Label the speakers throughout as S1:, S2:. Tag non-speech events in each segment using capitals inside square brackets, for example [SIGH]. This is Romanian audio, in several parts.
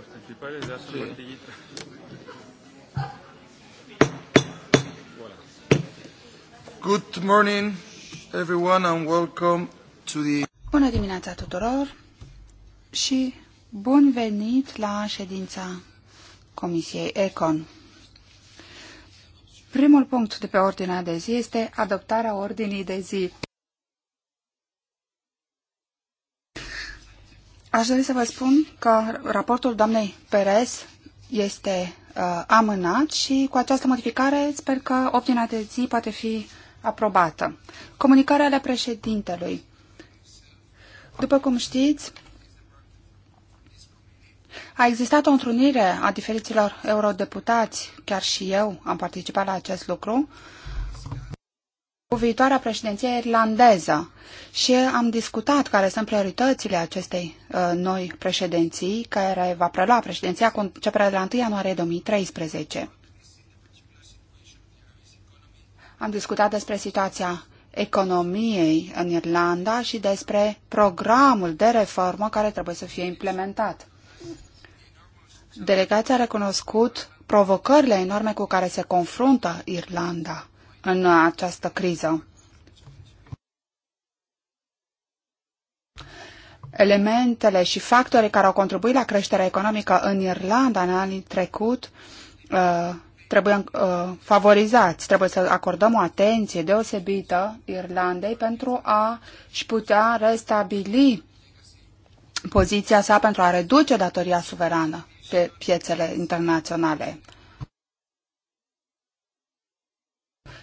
S1: principales ya son martillitos. Good morning, everyone, and welcome to the... Bună dimineața tuturor și bun venit la ședința Comisiei Econ. Primul punct de pe ordinea de zi este adoptarea ordinii de zi. Aș dori să vă spun că raportul doamnei Perez este uh, amânat și cu această modificare sper că opțiunea de zi poate fi aprobată. Comunicarea ale președintelui. După cum știți, a existat o întrunire a diferiților eurodeputați, chiar și eu am participat la acest lucru, uh, cu viitoarea președinție irlandeză și am discutat care sunt prioritățile acestei uh, noi președinții care va prelua președinția cu începerea de la 1 ianuarie 2013. Am discutat despre situația economiei în Irlanda și despre programul de reformă care trebuie să fie implementat. Delegația a recunoscut provocările enorme cu care se confruntă Irlanda în această criză. Elementele și factorii care au contribuit la creșterea economică în Irlanda în anii trecut uh, trebuie uh, favorizați, trebuie să acordăm o atenție deosebită Irlandei pentru a-și putea restabili poziția sa pentru a reduce datoria suverană pe piețele internaționale.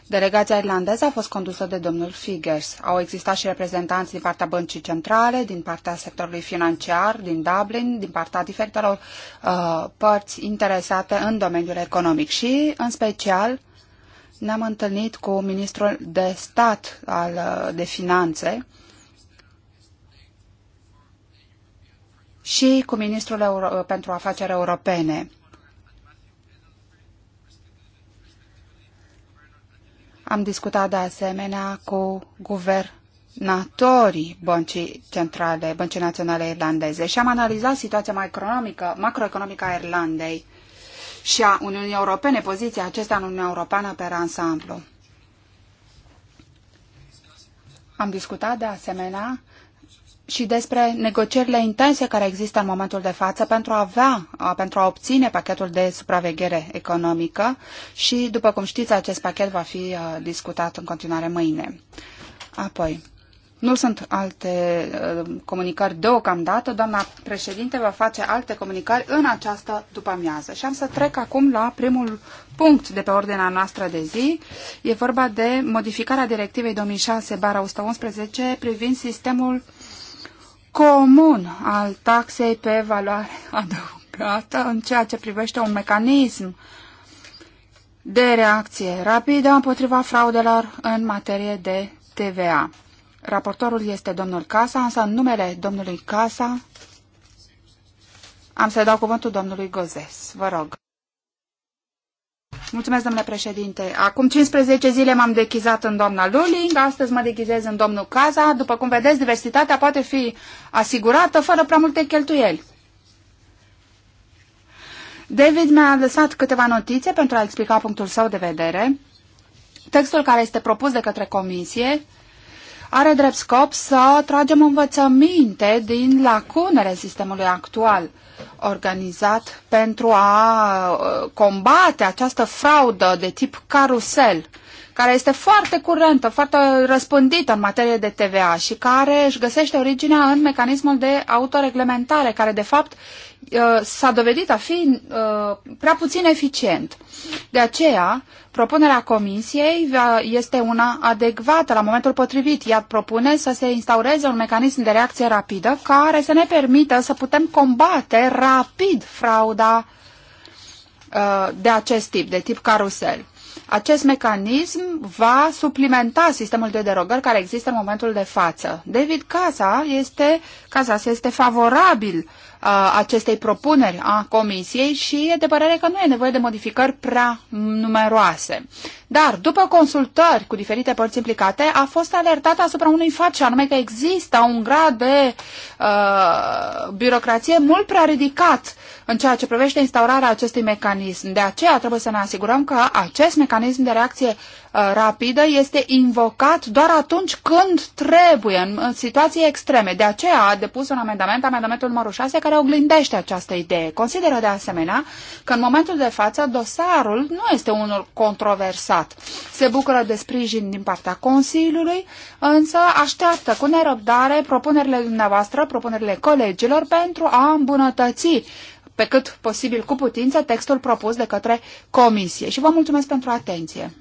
S1: Delegația irlandeză a fost condusă de domnul Figgers. Au existat și reprezentanți din partea băncii centrale, din partea sectorului financiar, din Dublin, din partea diferitelor uh, părți interesate în domeniul economic și, în special, ne-am întâlnit cu ministrul de stat al, uh, de finanțe și cu ministrul Euro- pentru afaceri europene. Am discutat de asemenea cu guvernatorii băncii centrale, băncii naționale irlandeze și am analizat situația macroeconomică, macroeconomică a Irlandei și a Uniunii Europene, poziția acestea în Uniunea Europeană pe ansamblu. Am discutat de asemenea și despre negocierile intense care există în momentul de față pentru a avea, pentru a obține pachetul de supraveghere economică și, după cum știți, acest pachet va fi discutat în continuare mâine. Apoi, nu sunt alte comunicări deocamdată. Doamna președinte va face alte comunicări în această după-amiază. Și am să trec acum la primul punct de pe ordinea noastră de zi. E vorba de modificarea directivei 2006-111 privind sistemul comun al taxei pe valoare adăugată în ceea ce privește un mecanism de reacție rapidă împotriva fraudelor în materie de TVA. Raportorul este domnul Casa, însă în numele domnului Casa am să dau cuvântul domnului Gozes. Vă rog. Mulțumesc, domnule președinte. Acum 15 zile m-am dechizat în doamna Luling, astăzi mă dechizez în domnul Caza. După cum vedeți, diversitatea poate fi asigurată fără prea multe cheltuieli. David mi-a lăsat câteva notițe pentru a explica punctul său de vedere. Textul care este propus de către comisie are drept scop să tragem învățăminte din lacunele sistemului actual – organizat pentru a uh, combate această fraudă de tip carusel, care este foarte curentă, foarte răspândită în materie de TVA și care își găsește originea în mecanismul de autoreglementare, care de fapt Uh, s-a dovedit a fi uh, prea puțin eficient. De aceea, propunerea comisiei este una adecvată la momentul potrivit. Ea propune să se instaureze un mecanism de reacție rapidă care să ne permită să putem combate rapid frauda uh, de acest tip, de tip carusel. Acest mecanism va suplimenta sistemul de derogări care există în momentul de față. David Casa este, Casas este favorabil acestei propuneri a Comisiei și e de părere că nu e nevoie de modificări prea numeroase. Dar, după consultări cu diferite părți implicate, a fost alertată asupra unui fapt și anume că există un grad de uh, birocrație mult prea ridicat în ceea ce privește instaurarea acestui mecanism. De aceea trebuie să ne asigurăm că acest mecanism de reacție Uh, rapidă este invocat doar atunci când trebuie, în situații extreme. De aceea a depus un amendament, amendamentul numărul 6, care oglindește această idee. Consideră de asemenea că în momentul de față dosarul nu este unul controversat. Se bucură de sprijin din partea Consiliului, însă așteaptă cu nerăbdare propunerile dumneavoastră, propunerile colegilor pentru a îmbunătăți pe cât posibil cu putință textul propus de către Comisie. Și vă mulțumesc pentru atenție.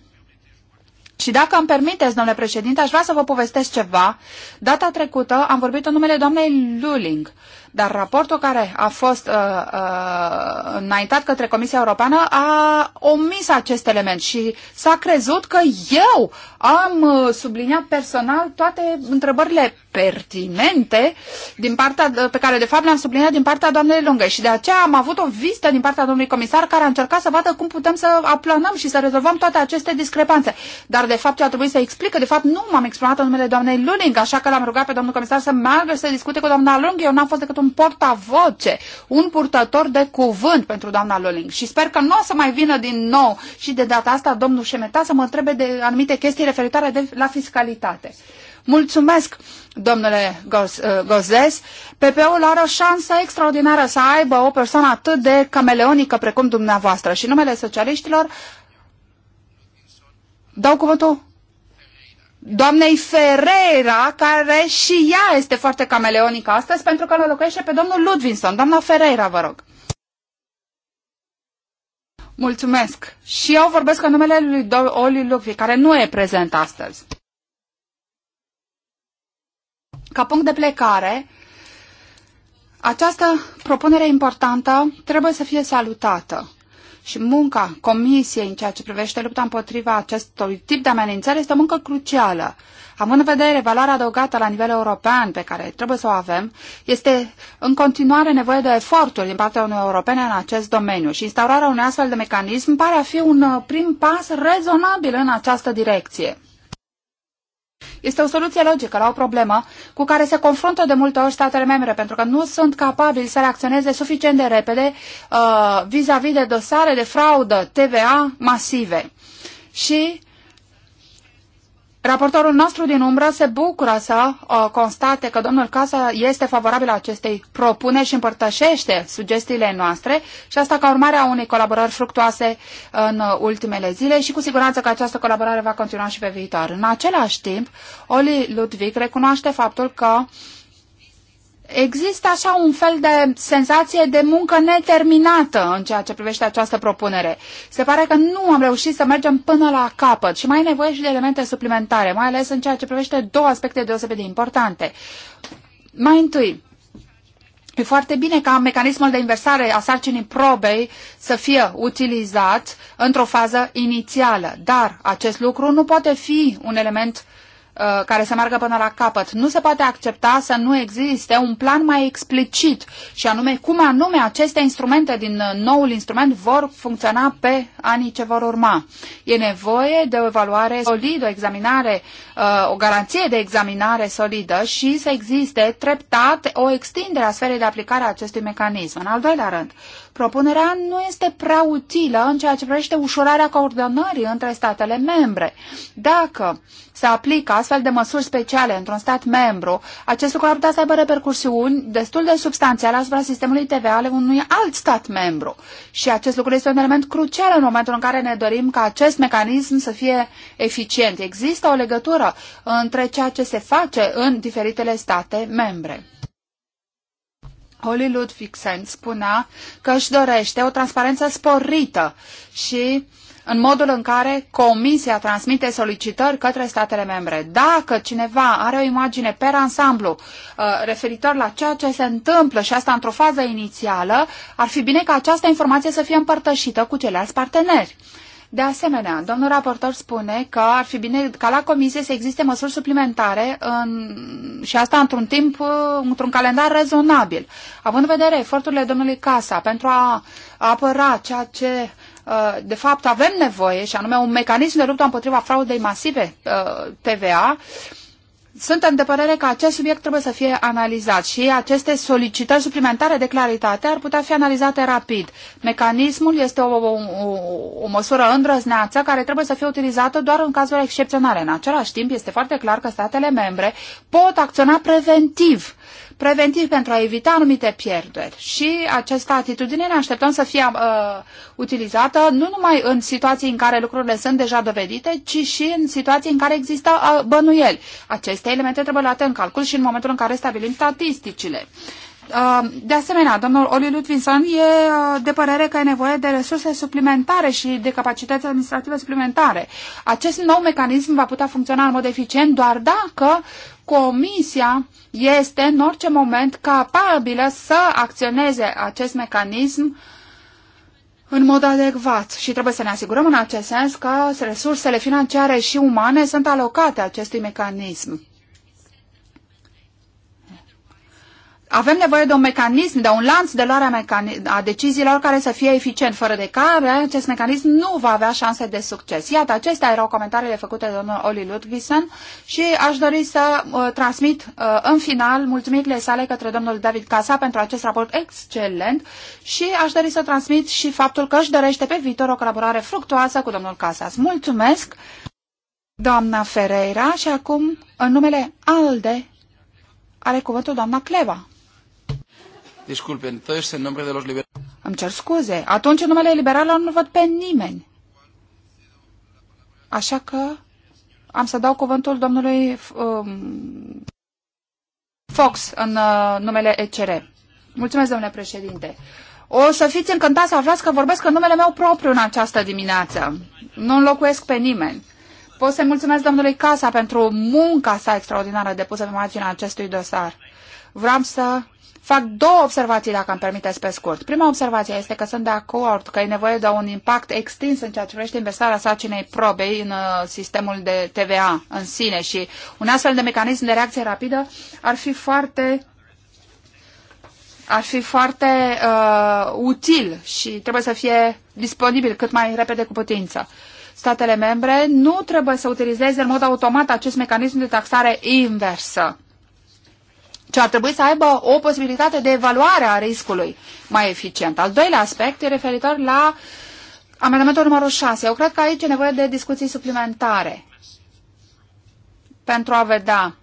S1: Și dacă îmi permiteți, domnule președinte, aș vrea să vă povestesc ceva. Data trecută am vorbit în numele doamnei Luling dar raportul care a fost uh, uh, înaintat către Comisia Europeană a omis acest element și s-a crezut că eu am uh, subliniat personal toate întrebările pertinente din partea, pe care de fapt le-am subliniat din partea doamnei Lungă și de aceea am avut o vizită din partea domnului comisar care a încercat să vadă cum putem să aplanăm și să rezolvăm toate aceste discrepanțe. Dar de fapt ce a trebuit să explic că de fapt nu m-am exprimat în numele doamnei Luling, așa că l-am rugat pe domnul comisar să meargă să discute cu doamna Lungă, Eu n-am fost decât un un portavoce, un purtător de cuvânt pentru doamna Loling. Și sper că nu o să mai vină din nou și de data asta domnul Șemeta să mă întrebe de anumite chestii referitoare de, la fiscalitate. Mulțumesc, domnule uh, Gozes. PP-ul are o șansă extraordinară să aibă o persoană atât de cameleonică precum dumneavoastră. Și numele socialiștilor dau cuvântul doamnei Ferreira, care și ea este foarte cameleonică astăzi, pentru că locuiește pe domnul Ludvinson. Doamna Ferreira, vă rog. Mulțumesc. Și eu vorbesc în numele lui Oli Lucvi, care nu e prezent astăzi. Ca punct de plecare, această propunere importantă trebuie să fie salutată și munca Comisiei în ceea ce privește lupta împotriva acestui tip de amenințări este o muncă crucială. Având în vedere valoarea adăugată la nivel european pe care trebuie să o avem, este în continuare nevoie de eforturi din partea Uniunii Europene în acest domeniu și instaurarea unui astfel de mecanism pare a fi un uh, prim pas rezonabil în această direcție. Este o soluție logică la o problemă cu care se confruntă de multe ori statele membre, pentru că nu sunt capabili să reacționeze suficient de repede uh, vis-a-vis uh, vis, de dosare de fraudă TVA masive. Și Raportorul nostru din umbră se bucură să uh, constate că domnul Casa este favorabil acestei propuneri și împărtășește sugestiile noastre și asta ca urmare a unei colaborări fructuoase în ultimele zile și cu siguranță că această colaborare va continua și pe viitor. În același timp, Oli Ludwig recunoaște faptul că uh, Există așa un fel de senzație de muncă neterminată în ceea ce privește această propunere. Se pare că nu am reușit să mergem până la capăt și mai e nevoie și de elemente suplimentare, mai ales în ceea ce privește două aspecte deosebit de importante. Mai întâi, E foarte bine ca mecanismul de inversare a sarcinii probei să fie utilizat într-o fază inițială, dar acest lucru nu poate fi un element uh, Uh, care să meargă până la capăt. Nu se poate accepta să nu existe un plan mai explicit și anume cum anume aceste instrumente din uh, noul instrument vor funcționa pe anii ce vor urma. E nevoie de o evaluare solidă, o examinare, uh, o garanție de examinare solidă și să existe treptat o extindere a sferei de aplicare a acestui mecanism. În al doilea rând, Propunerea nu este prea utilă în ceea ce privește ușurarea coordonării între statele membre. Dacă se aplică astfel de măsuri speciale într-un stat membru, acest lucru ar putea să aibă repercursiuni destul de substanțiale asupra sistemului TVA ale unui alt stat membru. Și acest lucru este un element crucial în momentul în care ne dorim ca acest mecanism să fie eficient. Există o legătură între ceea ce se face în diferitele state membre. Holly Ludwigsen spunea că își dorește o transparență sporită și în modul în care Comisia transmite solicitări către statele membre. Dacă cineva are o imagine per ansamblu uh, referitor la ceea ce se întâmplă și asta într-o fază inițială, ar fi bine ca această informație să fie împărtășită cu ceilalți parteneri. De asemenea, domnul raportor spune că ar fi bine ca la comisie să existe măsuri suplimentare în, și asta într-un timp, într-un calendar rezonabil. Având în vedere eforturile domnului Casa pentru a apăra ceea ce uh, de fapt avem nevoie, și anume un mecanism de luptă împotriva fraudei masive uh, TVA, suntem de părere că acest subiect trebuie să fie analizat și aceste solicitări suplimentare de claritate ar putea fi analizate rapid. Mecanismul este o, o, o măsură îndrăzneață care trebuie să fie utilizată doar în cazuri excepționale. În același timp, este foarte clar că statele membre pot acționa preventiv preventiv pentru a evita anumite pierderi. Și această atitudine ne așteptăm să fie uh, utilizată nu numai în situații în care lucrurile sunt deja dovedite, ci și în situații în care există uh, bănuieli. Aceste elemente trebuie luate în calcul și în momentul în care stabilim statisticile. Uh, de asemenea, domnul Oli Lutvinson e uh, de părere că e nevoie de resurse suplimentare și de capacități administrative suplimentare. Acest nou mecanism va putea funcționa în mod eficient doar dacă Comisia este în orice moment capabilă să acționeze acest mecanism în mod adecvat și trebuie să ne asigurăm în acest sens că resursele financiare și umane sunt alocate acestui mecanism. avem nevoie de un mecanism, de un lanț de luare a deciziilor care să fie eficient, fără de care acest mecanism nu va avea șanse de succes. Iată, acestea erau comentariile făcute de domnul Oli Ludvisen și aș dori să uh, transmit uh, în final mulțumirile sale către domnul David Casa pentru acest raport excelent și aș dori să transmit și faptul că își dorește pe viitor o colaborare fructuoasă cu domnul Casas. Mulțumesc, doamna Ferreira, și acum, în numele ALDE, are cuvântul doamna Cleva. Disculpe, entonces în nombre de los liberales... Îmi cer scuze. Atunci în numele liberalilor nu văd pe nimeni. Așa că am să dau cuvântul domnului um, Fox în uh, numele ECR. Mulțumesc, domnule președinte. O să fiți încântați să aflați că vorbesc în numele meu propriu în această dimineață. Nu înlocuiesc pe nimeni. Pot să-i mulțumesc domnului Casa pentru munca sa extraordinară depusă pe marginea acestui dosar. Vreau să Fac două observații, dacă îmi permiteți pe scurt. Prima observație este că sunt de acord că e nevoie de un impact extins în ceea ce privește investarea sacinei probei în uh, sistemul de TVA în sine și un astfel de mecanism de reacție rapidă ar fi foarte ar fi foarte uh, util și trebuie să fie disponibil cât mai repede cu putință. Statele membre nu trebuie să utilizeze în mod automat acest mecanism de taxare inversă ce ar trebui să aibă o posibilitate de evaluare a riscului mai eficient. Al doilea aspect e referitor la amendamentul numărul 6. Eu cred că aici e nevoie de discuții suplimentare pentru a vedea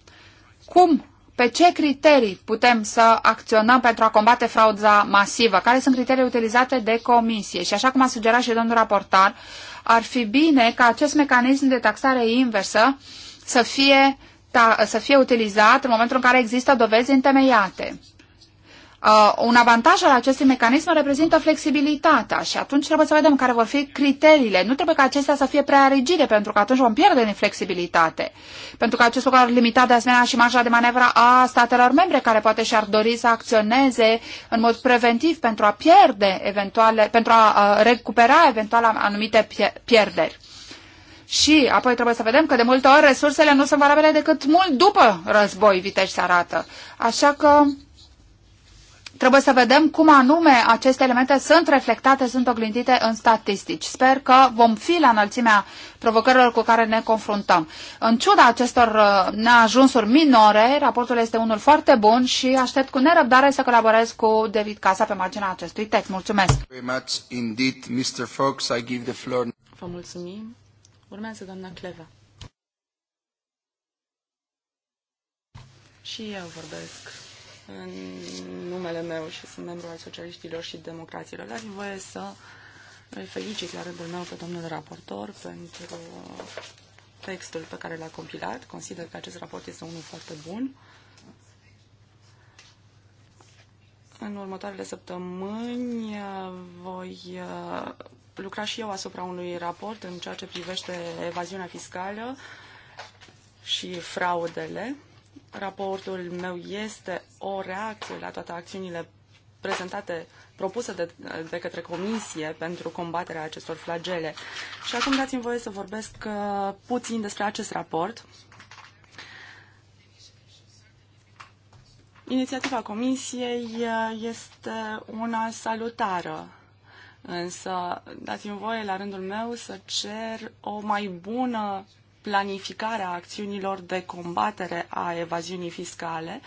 S1: cum, pe ce criterii putem să acționăm pentru a combate frauda masivă, care sunt criteriile utilizate de comisie. Și așa cum a sugerat și domnul raportar, ar fi bine ca acest mecanism de taxare inversă să fie sta, să fie utilizat în momentul în care există dovezi întemeiate. Uh, un avantaj al acestui mecanism reprezintă flexibilitatea și atunci trebuie să vedem care vor fi criteriile. Nu trebuie ca acestea să fie prea rigide, pentru că atunci vom pierde din flexibilitate. Pentru că acest lucru ar limita de asemenea și marja de manevră a statelor membre, care poate și-ar dori să acționeze în mod preventiv pentru a pierde eventuale, pentru a uh, recupera eventual anumite pierderi. Și apoi trebuie să vedem că de multe ori resursele nu sunt valabile decât mult după război, vitești se arată. Așa că trebuie să vedem cum anume aceste elemente sunt reflectate, sunt oglindite în statistici. Sper că vom fi la înălțimea provocărilor cu care ne confruntăm. În ciuda acestor uh, neajunsuri minore, raportul este unul foarte bun și aștept cu nerăbdare să colaborez cu David Casa pe marginea acestui text. Mulțumesc! Vă mulțumim! Urmează doamna Cleva.
S2: Și eu vorbesc în numele meu și sunt membru al socialiștilor și democraților. Dar voie să îi felicit la rândul meu pe domnul raportor pentru textul pe care l-a compilat. Consider că acest raport este unul foarte bun. În următoarele săptămâni uh, voi uh, lucra și eu asupra unui raport în ceea ce privește evaziunea fiscală și fraudele. Raportul meu este o reacție la toate acțiunile prezentate, propuse de, de către Comisie pentru combaterea acestor flagele. Și acum dați-mi voie să vorbesc uh, puțin despre acest raport. Inițiativa Comisiei uh, este una salutară Însă, dați-mi voie la rândul meu să cer o mai bună planificare a acțiunilor de combatere a evaziunii fiscale.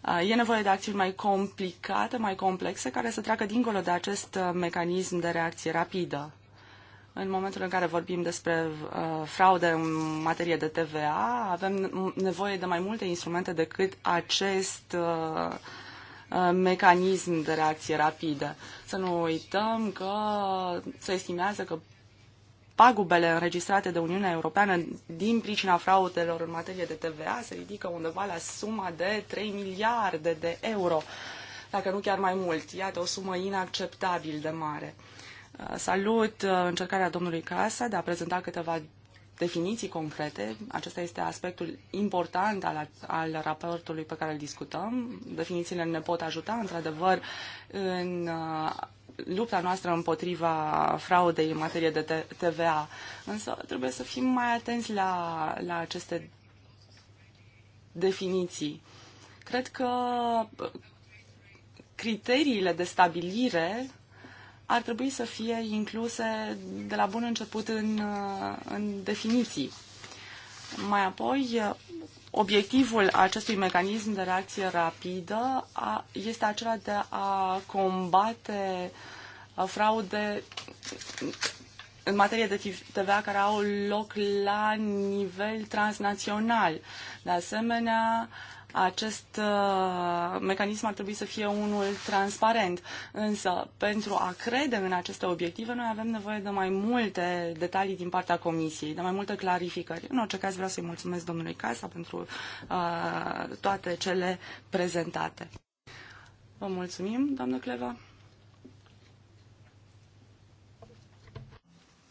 S2: Uh, e nevoie de acțiuni mai complicate, mai complexe, care să treacă dincolo de acest uh, mecanism de reacție rapidă. În momentul în care vorbim despre uh, fraude în materie de TVA, avem nevoie de mai multe instrumente decât acest uh, Uh, mecanism de reacție rapidă. Să nu uităm că se estimează că pagubele înregistrate de Uniunea Europeană din pricina fraudelor în materie de TVA se ridică undeva la suma de 3 miliarde de euro, dacă nu chiar mai mult. Iată o sumă inacceptabil de mare. Uh, salut uh, încercarea domnului Casa de a prezenta câteva definiții concrete. Acesta este aspectul important al, al raportului pe care îl discutăm. Definițiile ne pot ajuta, într-adevăr, în uh, lupta noastră împotriva fraudei în materie de TVA. Însă trebuie să fim mai atenți la, la aceste definiții. Cred că criteriile de stabilire ar trebui să fie incluse de la bun început în, în definiții. Mai apoi, obiectivul acestui mecanism de reacție rapidă a, este acela de a combate fraude în materie de TVA care au loc la nivel transnațional. De asemenea, uh, acest uh, mecanism ar trebui să fie unul transparent, însă pentru a crede în aceste obiective noi avem nevoie de mai multe detalii din partea Comisiei, de mai multe clarificări. În orice caz vreau să-i mulțumesc domnului Casa pentru uh, toate cele prezentate. Vă mulțumim, doamnă Cleva.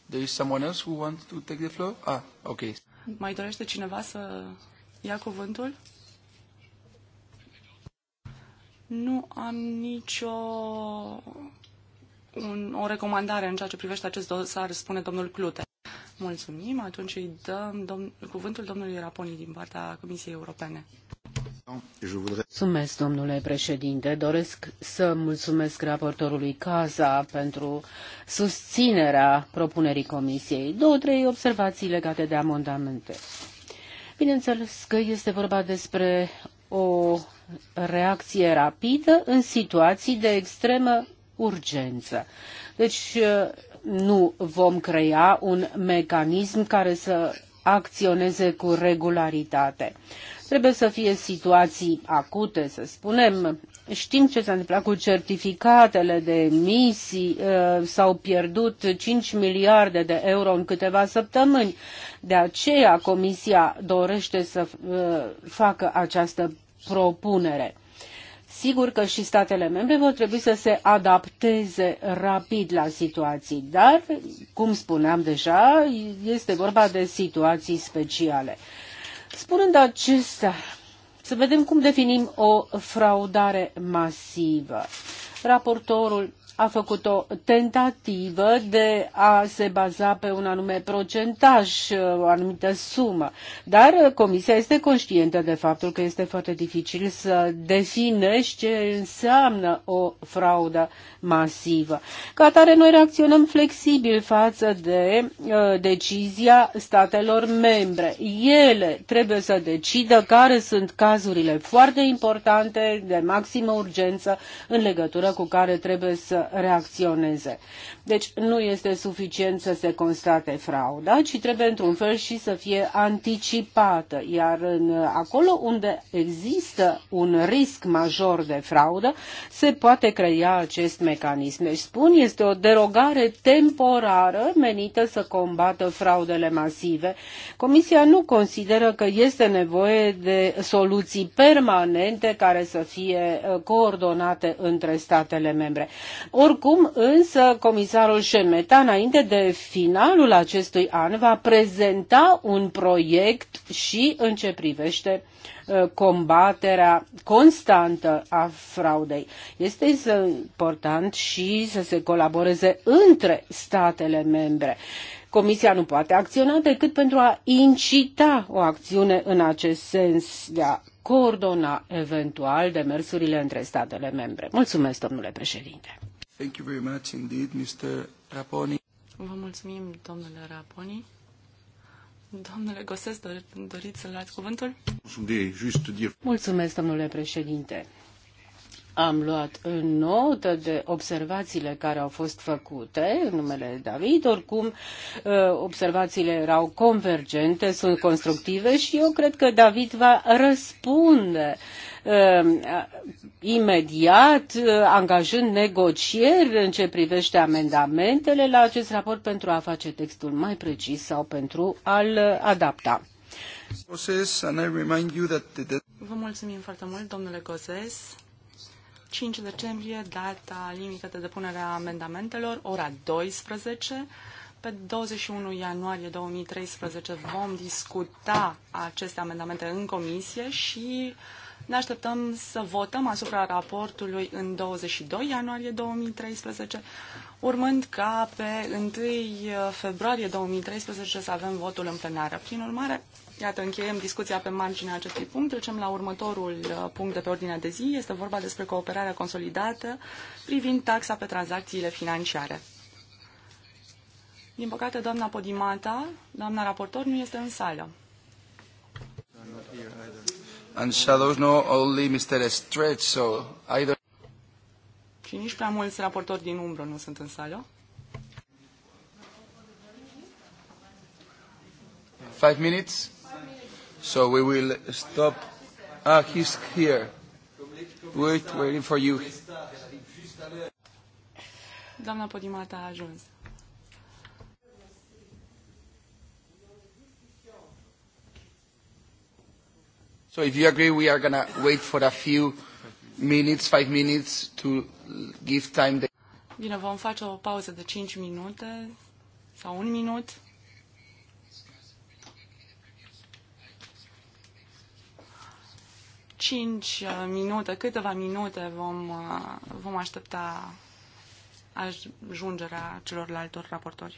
S1: There is someone else who wants to take the floor? Ah, okay.
S2: Mai dorește cineva să ia cuvântul? Nu am nicio un, o recomandare în ceea ce privește acest dosar, spune domnul Clute. Mulțumim, atunci îi dăm domn, cuvântul domnului Raponi din partea Comisiei Europene.
S3: Mulțumesc, domnule președinte. Doresc să mulțumesc raportorului Caza pentru susținerea propunerii Comisiei. Două, trei observații legate de amendamente. Bineînțeles că este vorba despre o reacție rapidă în situații de extremă urgență. Deci uh, nu vom crea un mecanism care să acționeze cu regularitate. Trebuie să fie situații acute, să spunem. Știm ce s-a întâmplat cu certificatele de emisii, uh, s-au pierdut 5 miliarde de euro în câteva săptămâni. De aceea Comisia dorește să uh, facă această propunere. Sigur că și statele membre vor trebui să se adapteze rapid la situații, dar, cum spuneam deja, este vorba de situații speciale. Spunând acestea, să vedem cum definim o fraudare masivă. Raportorul a făcut o tentativă de a se baza pe un anume procentaj, o anumită sumă. Dar Comisia este conștientă de faptul că este foarte dificil să definești ce înseamnă o fraudă masivă. Ca atare, noi reacționăm flexibil față de uh, decizia statelor membre. Ele trebuie să decidă care sunt cazurile foarte importante, de maximă urgență, în legătură cu care trebuie să reacționeze. Deci nu este suficient să se constate frauda, ci trebuie într-un fel și să fie anticipată, iar în, acolo unde există un risc major de fraudă, se poate crea acest mecanism. Deci spun, este o derogare temporară menită să combată fraudele masive. Comisia nu consideră că este nevoie de soluții permanente care să fie uh, coordonate între statele membre. Oricum, însă, comisarul Șemeta, înainte de finalul acestui an, va prezenta un proiect și în ce privește ă, combaterea constantă a fraudei. Este important și să se colaboreze între statele membre. Comisia nu poate acționa decât pentru a incita o acțiune în acest sens de a coordona eventual demersurile între statele membre. Mulțumesc, domnule președinte. Thank you very much indeed, Mr. Raponi.
S2: Vă mulțumim, domnule Raponi. Domnule Gosesc, doriți să luați cuvântul?
S3: Mulțumesc, domnule președinte. Am luat în notă de observațiile care au fost făcute în numele David. Oricum, uh, observațiile erau convergente, sunt constructive și eu cred că David va răspunde uh, imediat, uh, angajând negocieri în ce privește amendamentele la acest raport pentru a face textul mai precis sau pentru a-l adapta.
S1: Vă
S2: mulțumim foarte mult, domnule Coses. 5 decembrie, data limită de depunere a amendamentelor, ora 12. Pe 21 ianuarie 2013 vom discuta aceste amendamente în comisie și ne așteptăm să votăm asupra raportului în 22 ianuarie 2013, urmând ca pe 1 februarie 2013 să avem votul în plenară. Prin urmare, Iată, încheiem discuția pe marginea acestui punct. Trecem la următorul uh, punct de pe ordinea de zi. Este vorba despre cooperarea consolidată privind taxa pe tranzacțiile financiare. Din păcate, doamna Podimata, doamna raportor, nu este în sală.
S1: And shadows know only Mr. Stretch, so either... Și nici prea mulți
S2: raportori din umbră nu sunt în sală.
S1: Five minutes. So we will stop. Ah, he's here.
S3: Wait, waiting for you.
S2: Doamna Podimata a ajuns.
S1: So if you agree, we are going to wait for a few minutes, five minutes, to give time.
S2: Bine, vom face o pauză de 5 minute sau un minut 5 uh, minute, câteva minute vom, uh, vom aștepta ajungerea celorlalte raportori.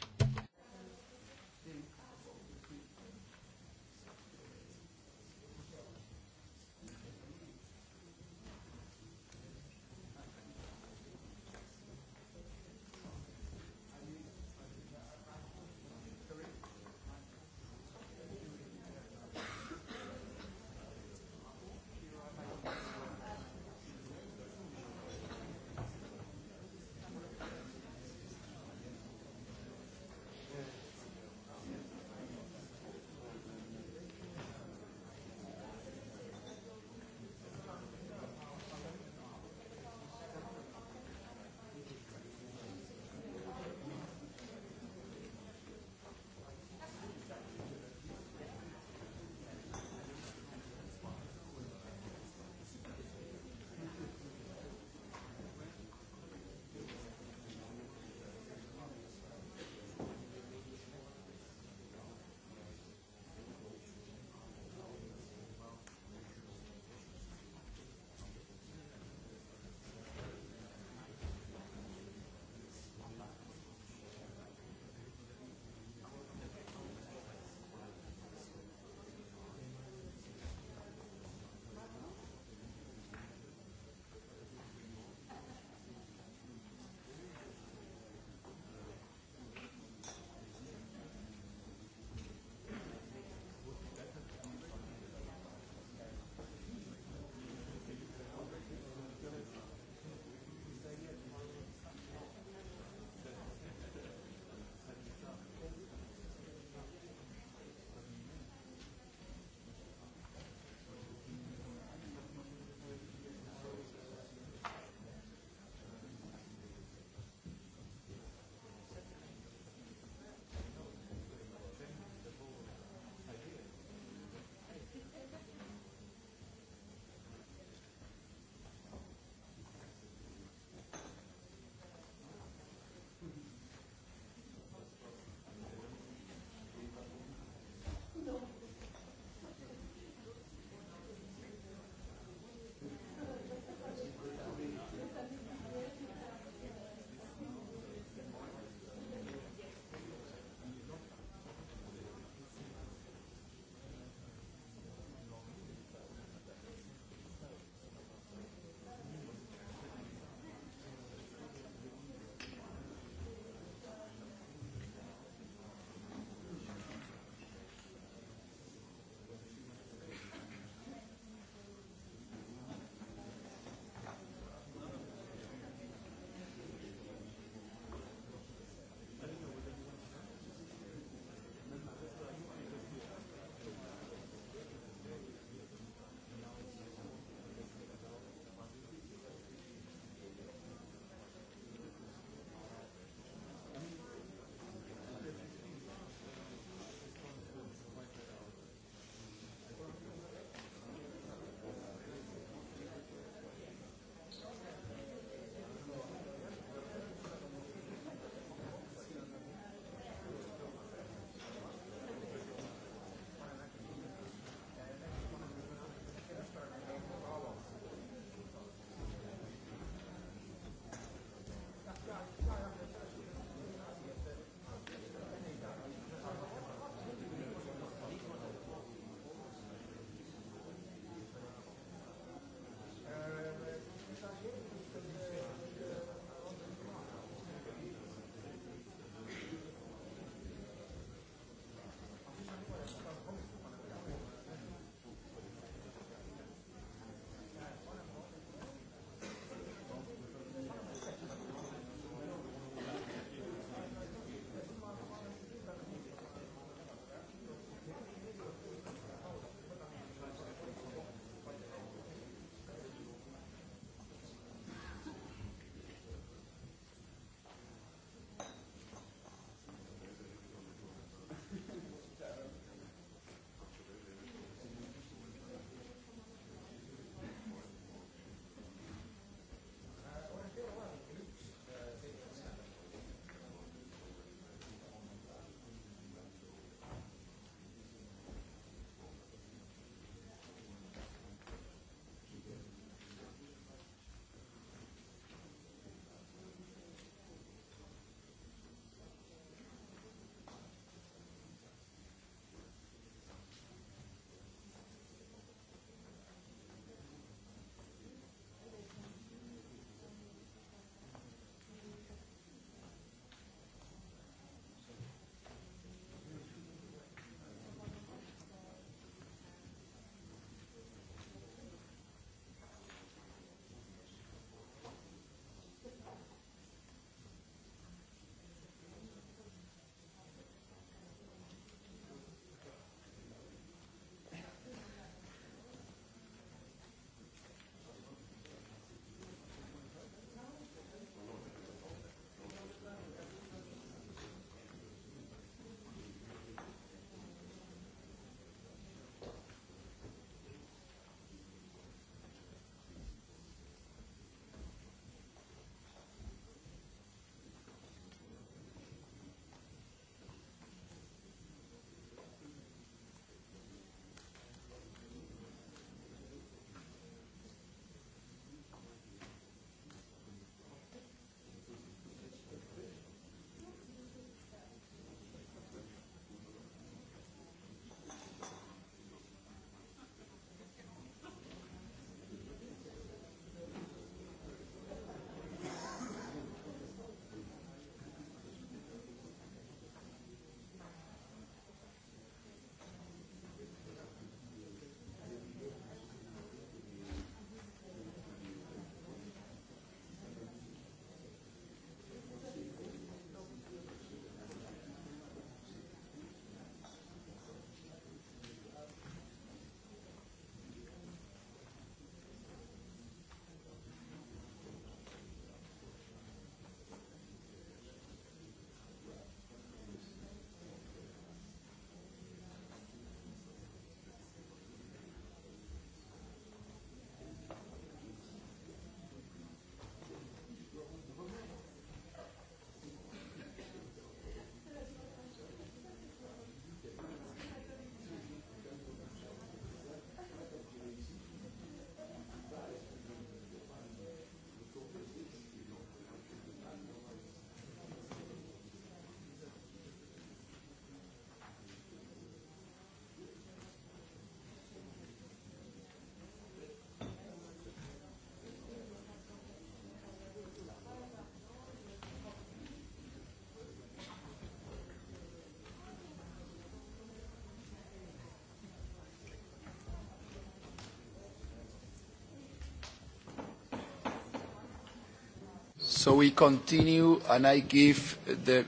S2: So we continue
S3: and I give the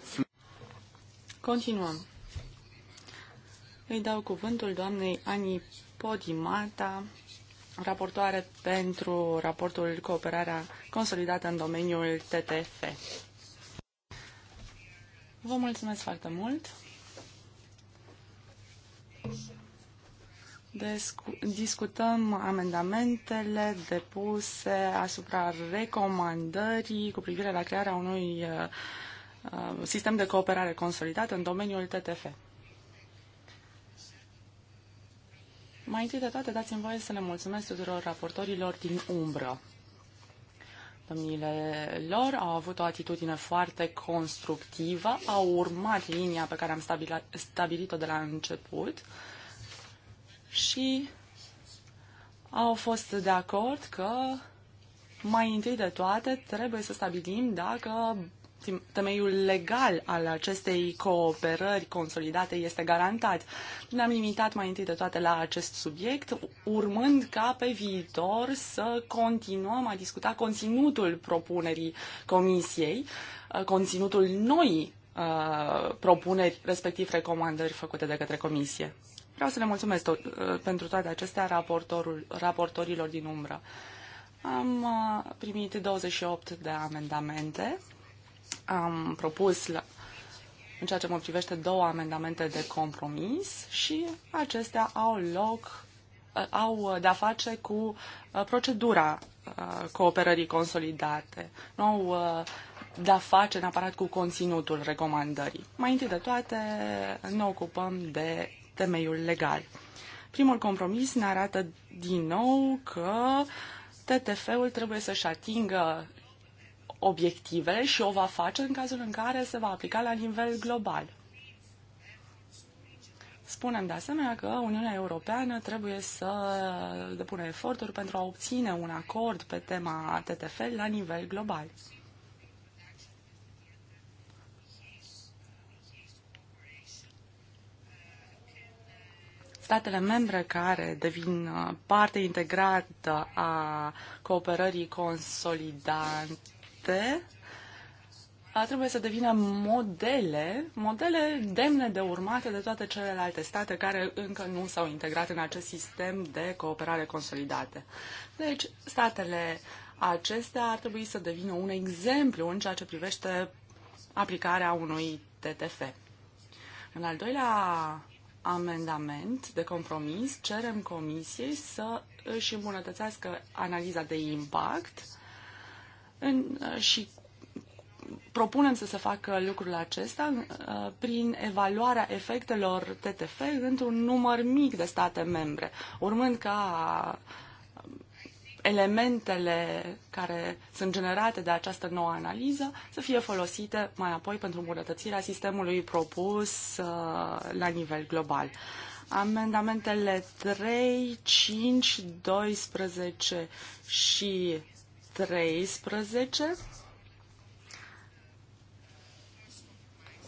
S2: Continuăm. Îi dau cuvântul doamnei Ani Podimata, raportoare pentru raportul Cooperarea Consolidată în domeniul TTF. Vă mulțumesc foarte mult! discutăm amendamentele depuse asupra recomandării cu privire la crearea unui uh, uh, sistem de cooperare consolidat în domeniul TTF. Mai întâi de toate, dați-mi voie să le mulțumesc tuturor raportorilor din umbră. Domnile lor au avut o atitudine foarte constructivă, au urmat linia pe care am stabilit-o de la început și au fost de acord că mai întâi de toate trebuie să stabilim dacă temeiul legal al acestei cooperări consolidate este garantat. Ne-am limitat mai întâi de toate la acest subiect, urmând ca pe viitor să continuăm a discuta conținutul propunerii comisiei, uh, conținutul noii uh, propuneri, respectiv recomandări făcute de către comisie. Vreau să le mulțumesc tot, uh, pentru toate acestea raportorul, raportorilor din umbră. Am uh, primit 28 de amendamente. Am propus la, în ceea ce mă privește două amendamente de compromis și acestea au loc uh, au de-a face cu procedura cooperării consolidate. Nu au de-a face neapărat cu conținutul recomandării. Mai întâi de toate ne ocupăm de temeiul legal. Primul compromis ne arată din nou că TTF-ul trebuie să-și atingă obiectivele și o va face în cazul în care se va aplica la nivel global. Spunem de asemenea că Uniunea Europeană trebuie să depună eforturi pentru a obține un acord pe tema TTF la nivel global. statele membre care devin uh, parte integrată a cooperării consolidate uh, trebuie să devină modele, modele demne de urmate de toate celelalte state care încă nu s-au integrat în acest sistem de cooperare consolidată. Deci, statele acestea ar trebui să devină un exemplu în ceea ce privește aplicarea unui TTF. În al doilea amendament de compromis cerem comisiei să își îmbunătățească analiza de impact în, și propunem să se facă lucrul acesta uh, prin evaluarea efectelor TTF într-un număr mic de state membre, urmând ca elementele care sunt generate de această nouă analiză să fie folosite mai apoi pentru îmbunătățirea sistemului propus uh, la nivel global. Amendamentele 3, 5, 12 și 13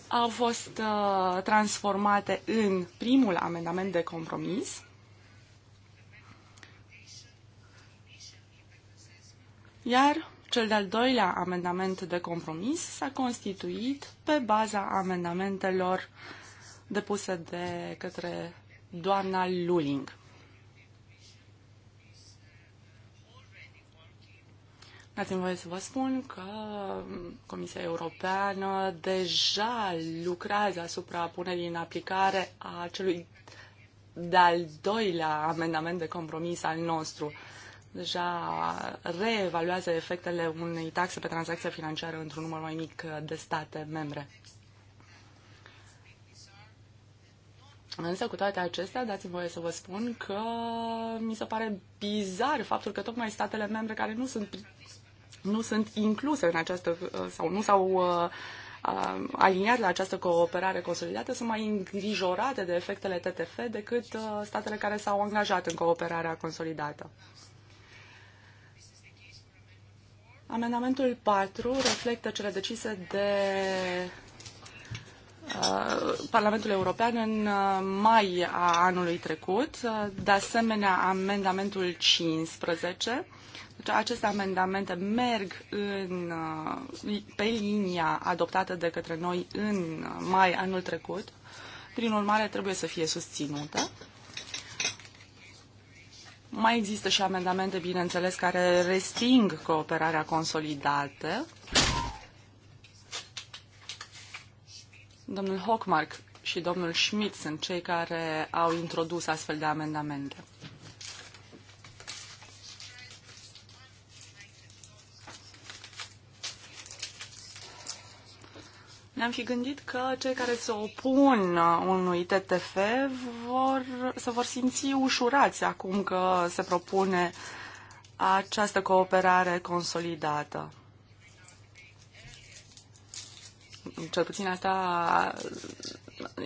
S2: au fost uh, transformate în primul amendament de compromis Iar cel de-al doilea amendament de compromis s-a constituit pe baza amendamentelor depuse de către doamna Luling. Dați-mi voie să vă spun că Comisia Europeană deja lucrează asupra punerii în aplicare a celui de-al doilea amendament de compromis al nostru deja reevaluează efectele unei taxe pe tranzacție financiară într-un număr mai mic de state membre. Însă, cu toate acestea, dați-mi voie să vă spun că mi se pare bizar faptul că tocmai statele membre care nu sunt, nu sunt incluse în această, sau nu s-au uh, uh, aliniat la această cooperare consolidată sunt mai îngrijorate de efectele TTF decât uh, statele care s-au angajat în cooperarea consolidată. Amendamentul 4 reflectă cele decise de uh, Parlamentul European în uh, mai a anului trecut, de asemenea amendamentul 15. Deci aceste amendamente merg în, uh, pe linia adoptată de către noi în mai anul trecut, prin urmare trebuie să fie susținută. Mai există și amendamente, bineînțeles, care resting cooperarea consolidată. Domnul Hockmark și domnul Schmidt sunt cei care au introdus astfel de amendamente. Ne-am fi gândit că cei care se opun uh, unui TTF vor, se vor simți ușurați acum că se propune această cooperare consolidată. Cel puțin asta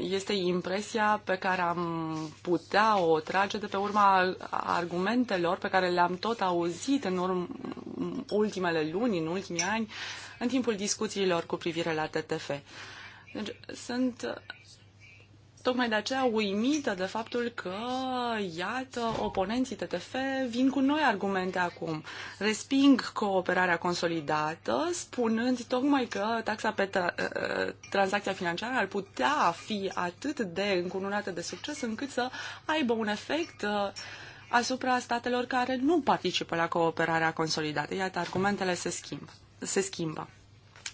S2: este impresia pe care am putea o trage de pe urma argumentelor pe care le-am tot auzit în, urm- ultimele luni, în ultimii ani, în timpul discuțiilor cu privire la TTF. Deci, sunt tocmai de aceea uimită de faptul că, iată, oponenții TTF vin cu noi argumente acum. Resping cooperarea consolidată, spunând tocmai că taxa pe tra- ă, ă, tranzacția financiară ar putea fi atât de încununată de succes încât să aibă un efect uh, asupra statelor care nu participă la cooperarea consolidată. Iată, argumentele se, schimb, se schimbă.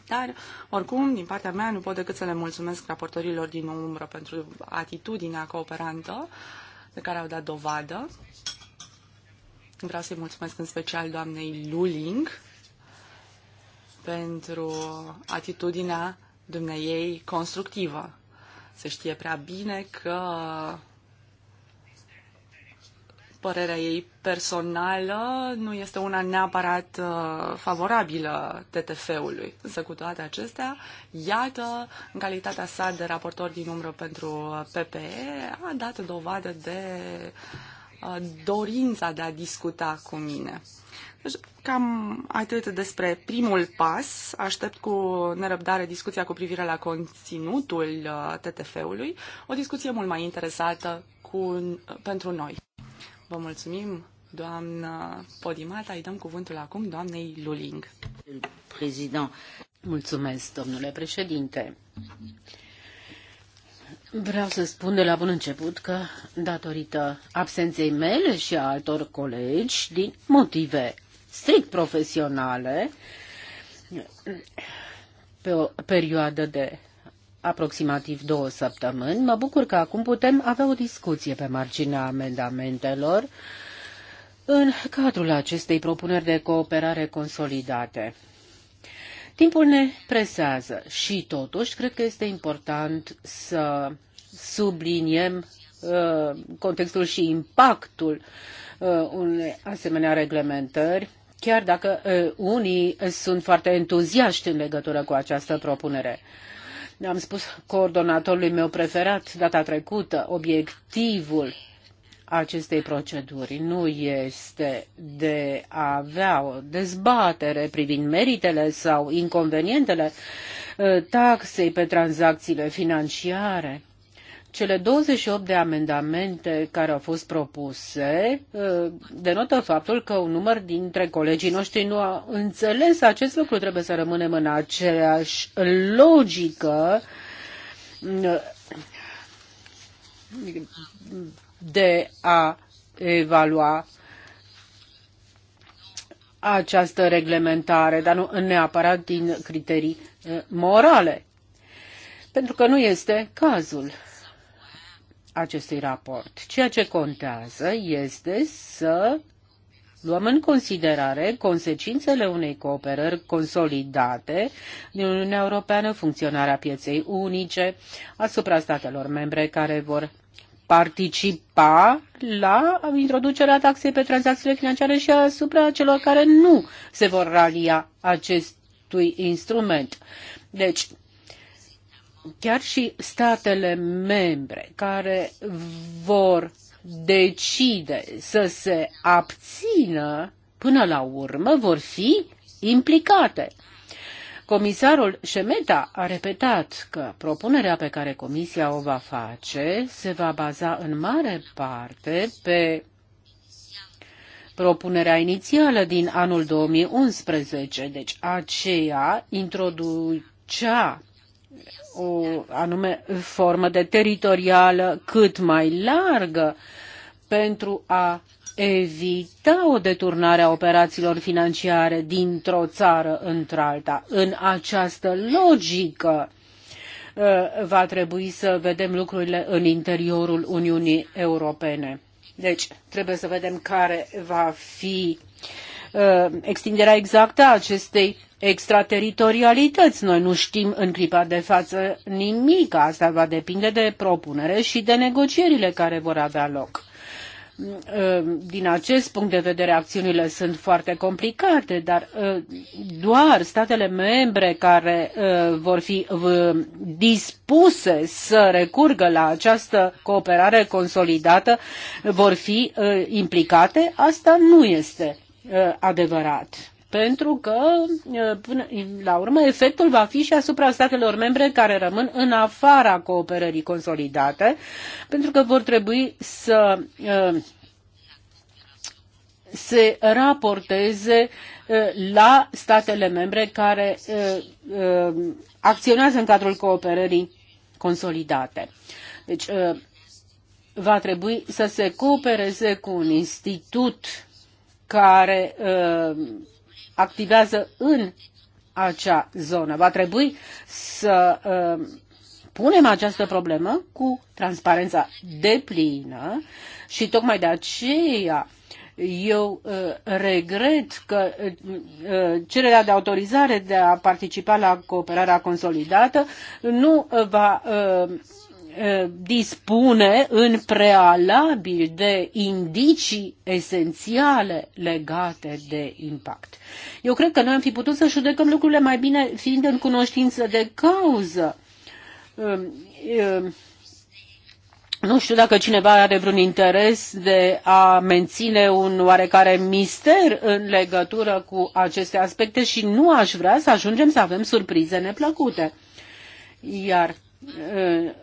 S2: Dar, oricum, din partea mea, nu pot decât să le mulțumesc raportorilor din umbră pentru atitudinea cooperantă de care au dat dovadă. Vreau să-i mulțumesc în special doamnei Luling pentru atitudinea dumneiei constructivă. Se știe prea bine că părerea ei personală nu este una neapărat uh, favorabilă TTF-ului. Însă cu toate acestea, iată, în calitatea sa de raportor din umbră pentru uh, PPE, a dat dovadă de uh, dorința de a discuta cu mine. Deci, cam atât despre primul pas. Aștept cu nerăbdare discuția cu privire la conținutul TTF-ului, o discuție mult mai interesată cu, pentru noi. Vă mulțumim, doamnă
S3: Podimata. Îi dăm cuvântul acum doamnei Luling. Prezident. Mulțumesc, domnule președinte. Vreau să spun de la bun început că, datorită absenței mele și a altor colegi, din motive strict profesionale, pe o perioadă de aproximativ două săptămâni. Mă bucur că acum putem avea o discuție pe marginea amendamentelor în cadrul acestei propuneri de cooperare consolidate. Timpul ne presează și totuși cred că este important să subliniem uh, contextul și impactul uh, unei asemenea reglementări, chiar dacă uh, unii sunt foarte entuziaști în legătură cu această propunere. Uh, am spus coordonatorului meu preferat data trecută, obiectivul acestei proceduri nu este de a avea o dezbatere privind meritele sau inconvenientele uh, taxei pe tranzaciile financiare, cele 28 de amendamente care au fost propuse uh, denotă faptul că un număr dintre colegii noștri nu a înțeles acest lucru. Trebuie să rămânem în aceeași logică uh, de a evalua această reglementare, dar nu neapărat din criterii uh, morale, pentru că nu este cazul acestui raport. Ceea ce contează este să luăm în considerare consecințele unei cooperări consolidate din Uniunea Europeană, funcționarea pieței unice asupra statelor membre care vor participa la introducerea taxei pe tranzacțiile financiare și asupra celor care nu se vor ralia acestui instrument. Deci, chiar și statele membre care vor decide să se abțină până la urmă vor fi implicate. Comisarul Șemeta a repetat că propunerea pe care Comisia o va face se va baza în mare parte pe propunerea inițială din anul 2011, deci aceea introducea o anume formă de teritorială cât mai largă pentru a evita o deturnare a operațiilor financiare dintr-o țară într-alta. În această logică uh, va trebui să vedem lucrurile în interiorul Uniunii Europene. Deci trebuie să vedem care va fi uh, Uh, extinderea exactă a acestei extrateritorialități. Noi nu știm în clipa de față nimic. Asta va depinde de propunere și de negocierile care vor avea loc. Uh, din acest punct de vedere, acțiunile sunt foarte complicate, dar uh, doar statele membre care vor fi dispuse să recurgă la această cooperare consolidată vor fi implicate. Asta nu este Uh, adevărat pentru că, uh, până la urmă, efectul va fi și asupra statelor membre care rămân în afara cooperării consolidate, pentru că vor trebui să uh, se raporteze la statele membre care acționează în cadrul cooperării consolidate. Deci, va trebui să se coopereze cu un institut care ă, activează în acea zonă. Va trebui să ă, punem această problemă cu transparența deplină și tocmai de aceea eu uh, regret că uh, cererea de autorizare de a participa la cooperarea consolidată nu va uh, Eh, dispune în prealabil de indicii esențiale legate de impact. Eu cred că noi am fi putut să judecăm lucrurile mai bine fiind în cunoștință de cauză. Ehm, ehm, nu știu dacă cineva are vreun interes de a menține un oarecare mister în legătură cu aceste aspecte și nu aș vrea să ajungem să avem surprize neplăcute. Iar ehm,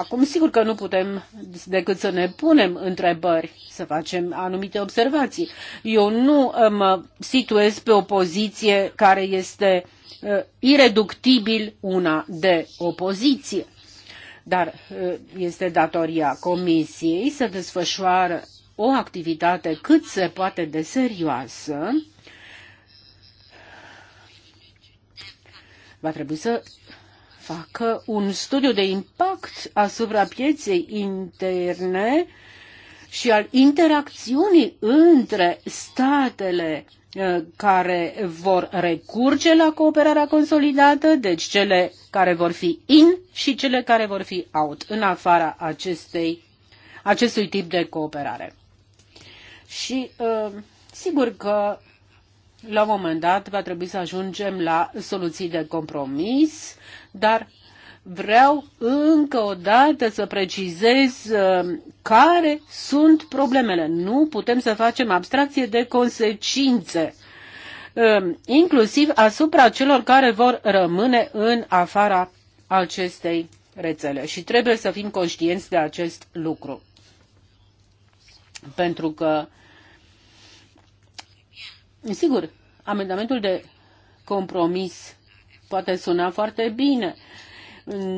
S3: Acum, sigur că nu putem decât să ne punem întrebări, să facem anumite observații. Eu nu uh, mă situez pe o poziție care este uh, ireductibil una de opoziție. Dar uh, este datoria Comisiei să desfășoară o activitate cât se poate de serioasă. Va trebui să facă un studiu de impact asupra pieței interne și al interacțiunii între statele uh, care vor recurge la cooperarea consolidată, deci cele care vor fi in și cele care vor fi out, în afara acestei, acestui tip de cooperare. Și uh, sigur că la un moment dat va trebui să ajungem la soluții de compromis, dar vreau încă o dată să precizez uh, care sunt problemele. Nu putem să facem abstracție de consecințe uh, inclusiv asupra celor care vor rămâne în afara acestei rețele și trebuie să fim conștienți de acest lucru. Pentru că Sigur, amendamentul de compromis poate suna foarte bine.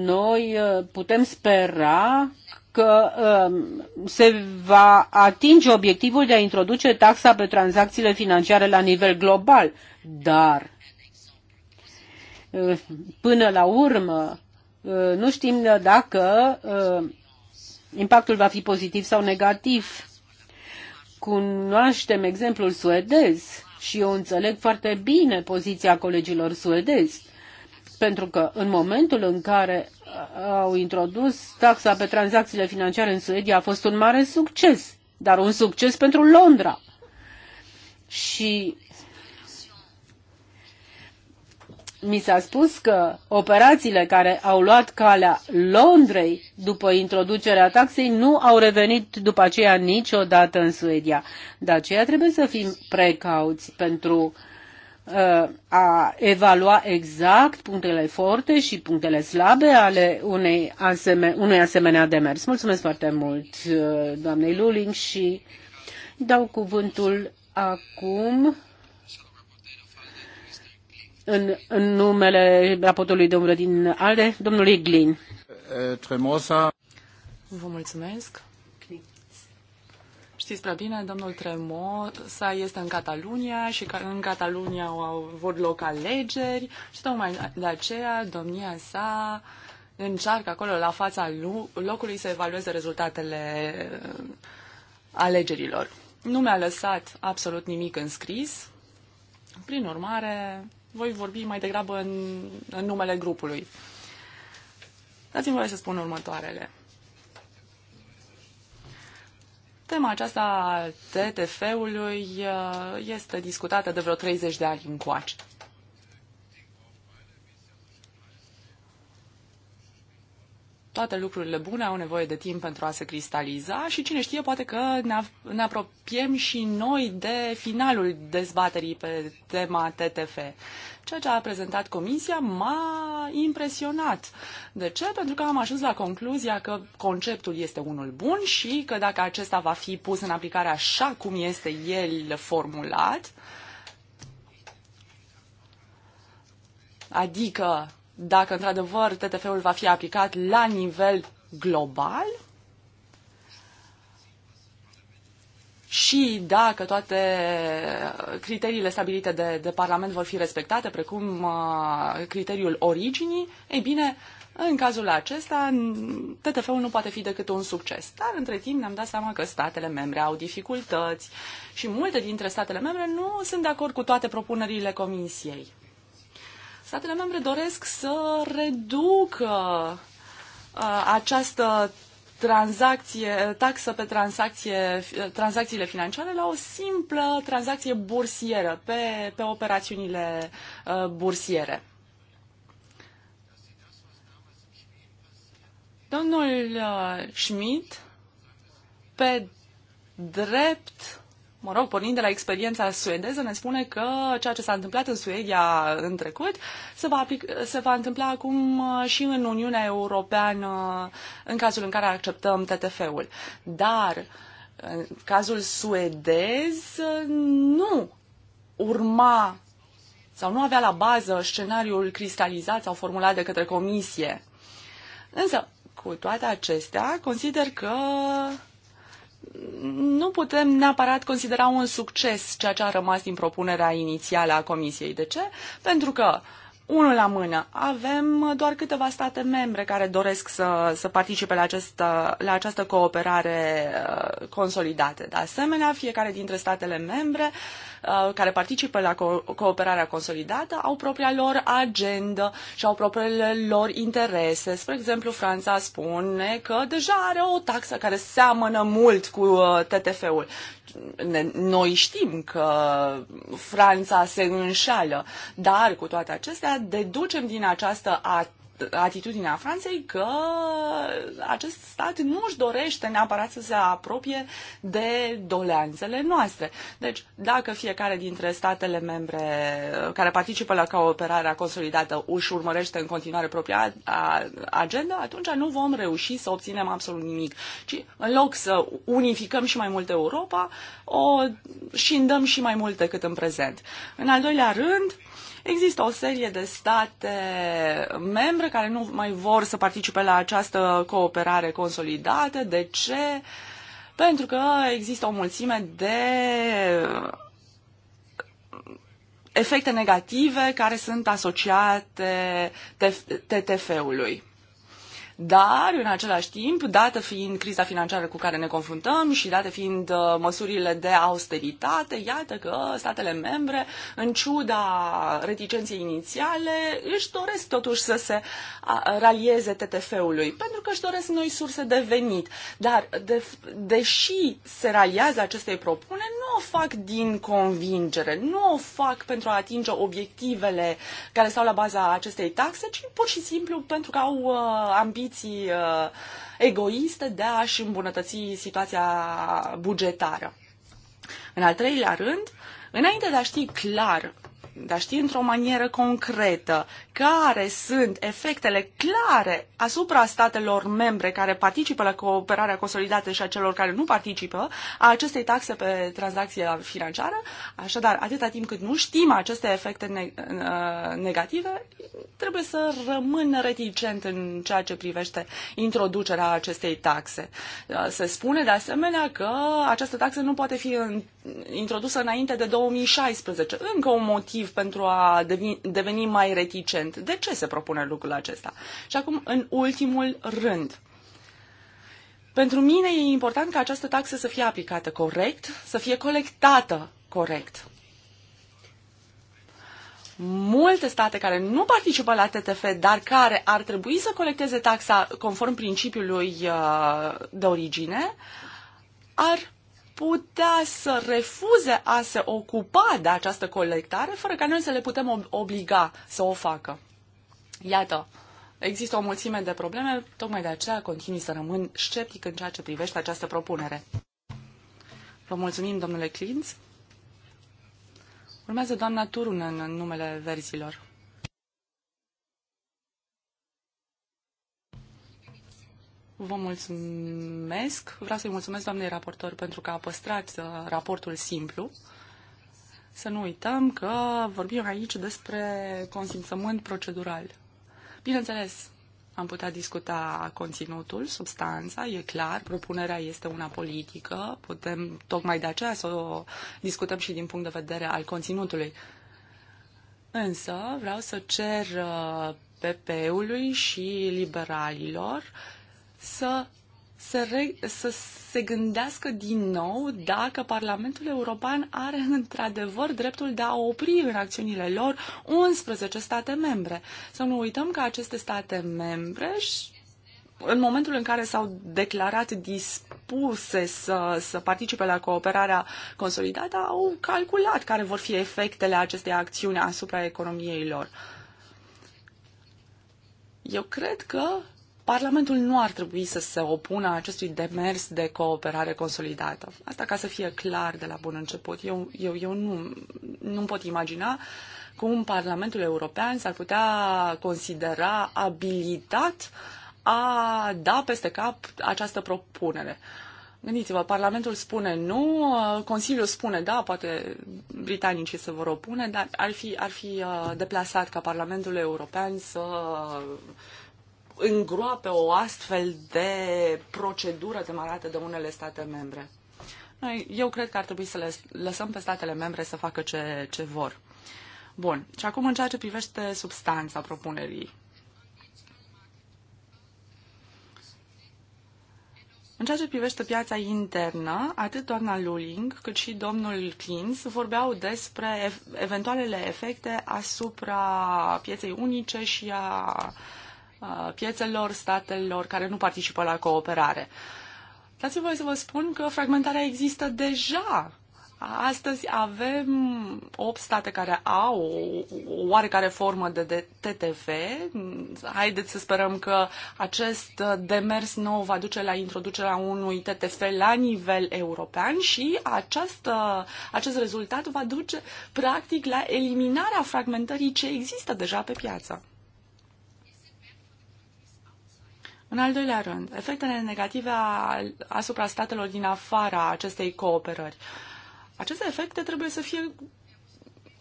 S3: Noi uh, putem spera că um, se va atinge obiectivul de a introduce taxa pe tranzacțiile financiare la nivel global, dar uh, până la urmă uh, nu știm dacă impactul va fi pozitiv sau negativ. Cunoaștem exemplul suedez și eu înțeleg foarte bine poziția colegilor suedezi, pentru că în momentul în care uh, au introdus taxa pe tranzacțiile financiare în Suedia a fost un mare succes, dar un succes pentru Londra. Și mi s-a spus că operațiile care au luat calea Londrei după introducerea taxei nu au revenit după aceea niciodată în Suedia. De aceea trebuie să fim precauți pentru uh, a evalua exact punctele forte și punctele slabe ale unei aseme- unui asemenea demers. Mulțumesc foarte mult, uh, doamnei Luling, și dau cuvântul acum în, în numele raportului domnului din ALDE, domnul Iglin. Tremosa.
S2: Vă mulțumesc. Știți prea bine, domnul Tremosa este în Catalunia și în Catalunia au avut loc alegeri și tocmai de aceea domnia sa încearcă acolo la fața locului să evalueze rezultatele uh, alegerilor. Nu mi-a lăsat absolut nimic înscris. Prin urmare, voi vorbi mai degrabă în, în numele grupului. Dați-mi voie să spun următoarele. Tema aceasta a TTF-ului uh, este discutată de vreo 30 de ani încoace. toate lucrurile bune au nevoie de timp pentru a se cristaliza și cine știe, poate că ne apropiem și noi de finalul dezbaterii pe tema TTF. Ceea ce a prezentat comisia m-a impresionat. De ce? Pentru că am ajuns la concluzia că conceptul este unul bun și că dacă acesta va fi pus în aplicare așa cum este el formulat, adică dacă într-adevăr TTF-ul va fi aplicat la nivel global și dacă toate criteriile stabilite de, de Parlament vor fi respectate, precum uh, criteriul originii, ei bine, în cazul acesta, TTF-ul nu poate fi decât un succes. Dar, între timp, ne-am dat seama că statele membre au dificultăți și multe dintre statele membre nu sunt de acord cu toate propunerile Comisiei. Statele membre doresc să reducă uh, această tranzacție, taxă pe tranzacție, uh, tranzacțiile financiare la o simplă tranzacție bursieră, pe, pe operațiunile uh, bursiere. Domnul Schmidt, pe drept, mă rog, pornind de la experiența suedeză, ne spune că ceea ce s-a întâmplat în Suedia în trecut se va, aplic, se va întâmpla acum uh, și în Uniunea Europeană uh, în cazul în care acceptăm TTF-ul. Dar uh, în cazul suedez nu urma sau nu avea la bază scenariul cristalizat sau formulat de către comisie. Însă, cu toate acestea, consider că nu putem neapărat considera un succes ceea ce a rămas din propunerea inițială a Comisiei. De ce? Pentru că unul la mână. Avem doar câteva state membre care doresc să, să participe la, acest, la această cooperare uh, consolidată. De asemenea, fiecare dintre statele membre uh, Uh, care participă la co- cooperarea consolidată au propria lor agendă și au propriile lor interese. Spre exemplu, Franța spune că deja are o taxă care seamănă mult cu uh, TTF-ul. Noi știm că Franța se înșală, dar cu toate acestea deducem din această a atitudinea Franței că acest stat nu își dorește neapărat să se apropie de doleanțele noastre. Deci, dacă fiecare dintre statele membre uh, care participă la cooperarea consolidată își urmărește în continuare propria agenda, atunci nu vom reuși să obținem absolut nimic. Ci, în loc să unificăm și mai mult Europa, o și îndăm și mai mult decât în prezent. În al doilea rând, Există o serie de state membre care nu mai vor să participe la această cooperare consolidată. De ce? Pentru că există o mulțime de efecte negative care sunt asociate TTF-ului. Dar, în același timp, dată fiind criza financiară cu care ne confruntăm și dată fiind uh, măsurile de austeritate, iată că statele membre, în ciuda reticenței inițiale, își doresc totuși să se ralieze TTF-ului, pentru că își doresc noi surse de venit. Dar, de, deși se raliază acestei propune, nu o fac din convingere, nu o fac pentru a atinge obiectivele care stau la baza acestei taxe, ci pur și simplu pentru că au uh, ambiții ambiții uh, egoiste de a-și îmbunătăți situația bugetară. În al treilea rând, înainte de a ști clar, de a ști într-o manieră concretă care sunt efectele clare asupra statelor membre care participă la cooperarea consolidată și a celor care nu participă a acestei taxe pe tranzacție financiară. Așadar, atâta timp cât nu știm aceste efecte uh, negative, trebuie să rămân reticent în ceea ce privește introducerea acestei taxe. Uh, se spune de asemenea că această taxă nu poate fi introdusă înainte de 2016. Încă un motiv pentru a deveni mai reticent eficient. De ce se propune lucrul acesta? Și acum, în ultimul rând, pentru mine e important ca această taxă să fie aplicată corect, să fie colectată corect. Multe state care nu participă la TTF, dar care ar trebui să colecteze taxa conform principiului uh, de origine, ar putea să refuze a se ocupa de această colectare fără ca noi să le putem obliga să o facă. Iată, există o mulțime de probleme, tocmai de aceea continui să rămân sceptic în ceea ce privește această propunere. Vă mulțumim, domnule Clinț. Urmează doamna Turunen în numele verzilor. vă mulțumesc. Vreau să-i mulțumesc doamnei raportor pentru că a păstrat uh, raportul simplu. Să nu uităm că vorbim aici despre consimțământ procedural. Bineînțeles, am putea discuta conținutul, substanța, e clar, propunerea este una politică, putem tocmai de aceea să o discutăm și din punct de vedere al conținutului. Însă vreau să cer uh, PP-ului și liberalilor să să, re, să se gândească din nou dacă Parlamentul European are într-adevăr dreptul de a opri în acțiunile lor 11 state membre. Să nu uităm că aceste state membre în momentul în care s-au declarat dispuse să, să participe la cooperarea consolidată, au calculat care vor fi efectele acestei acțiuni asupra economiei lor. Eu cred că Parlamentul nu ar trebui să se opună acestui demers de cooperare consolidată. Asta ca să fie clar de la bun început. Eu, eu, eu nu, nu pot imagina cum Parlamentul European s-ar putea considera abilitat a da peste cap această propunere. Gândiți-vă, Parlamentul spune nu, Consiliul spune da, poate britanicii se vor opune, dar ar fi, ar fi uh, deplasat ca Parlamentul European să îngroape o astfel de procedură demarată de unele state membre. Noi, eu cred că ar trebui să le lăsăm pe statele membre să facă ce, ce vor. Bun. Și acum în ceea ce privește substanța propunerii. În ceea ce privește piața internă, atât doamna Luling cât și domnul Klins vorbeau despre eventualele efecte asupra pieței unice și a uh, piețelor statelor care nu participă la cooperare. Dați-mi voi să vă spun că fragmentarea există deja. Astăzi avem 8 state care au o oarecare formă de TTF. Haideți să sperăm că acest demers nou va duce la introducerea unui TTF la nivel european și această, acest rezultat va duce practic la eliminarea fragmentării ce există deja pe piață. În al doilea rând, efectele negative asupra statelor din afara acestei cooperări. Aceste efecte trebuie să fie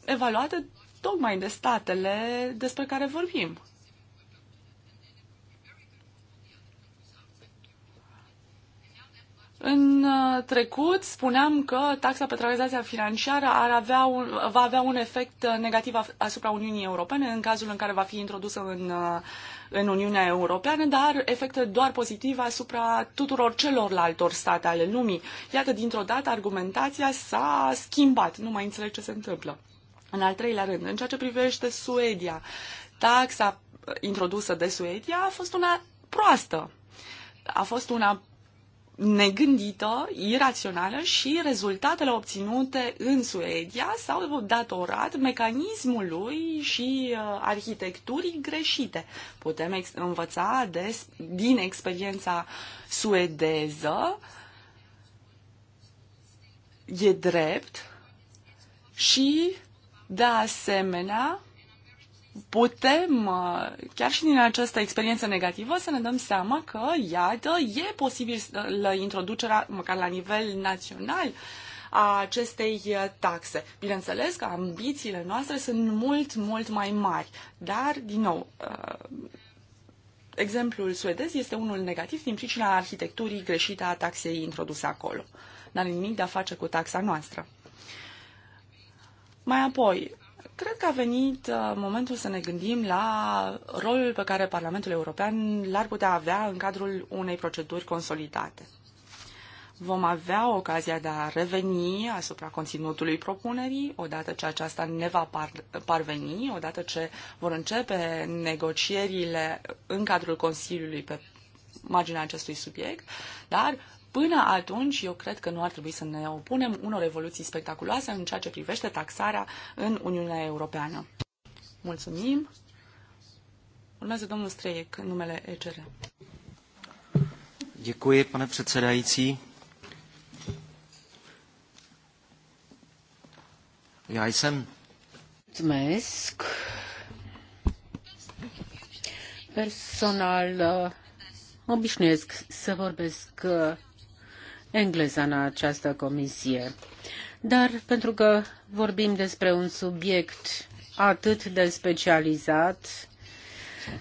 S2: evaluate tocmai de statele despre care vorbim. În uh, trecut spuneam că taxa pe tranzacția financiară ar avea un, va avea un efect uh, negativ asupra Uniunii Europene în cazul în care va fi introdusă în uh, în Uniunea Europeană, dar efecte doar pozitive asupra tuturor celorlaltor state ale lumii. Iată, dintr-o dată, argumentația s-a schimbat. Nu mai înțeleg ce se întâmplă. În al treilea rând, în ceea ce privește Suedia, taxa introdusă de Suedia a fost una proastă. A fost una negândită, irațională și rezultatele obținute în Suedia s-au datorat mecanismului și uh, arhitecturii greșite. Putem ex- învăța des, din experiența suedeză, e drept și, de asemenea, putem, uh, chiar și din această experiență negativă, să ne dăm seama că, iată, e posibil la introducerea, măcar la nivel național, a acestei uh, taxe. Bineînțeles că ambițiile noastre sunt mult, mult mai mari, dar, din nou, uh, exemplul suedez este unul negativ din pricina arhitecturii greșite a taxei introduse acolo. N-are nimic de a face cu taxa noastră. Mai apoi, Cred că a venit uh, momentul să ne gândim la rolul pe care Parlamentul European l-ar putea avea în cadrul unei proceduri consolidate. Vom avea ocazia de a reveni asupra conținutului propunerii, odată ce aceasta ne va par, parveni, odată ce vor începe negocierile în cadrul Consiliului pe marginea acestui subiect, dar Până atunci, eu cred că nu ar trebui să ne opunem unor evoluții spectaculoase în ceea ce privește taxarea în Uniunea Europeană. Mulțumim! Urmează domnul Streiec, numele ECR. Děkuji, pane předsedající.
S3: Já jsem... Mulțumesc. Personal, uh, obișnuiesc să vorbesc uh, engleza în această comisie. Dar pentru că vorbim despre un subiect atât de specializat,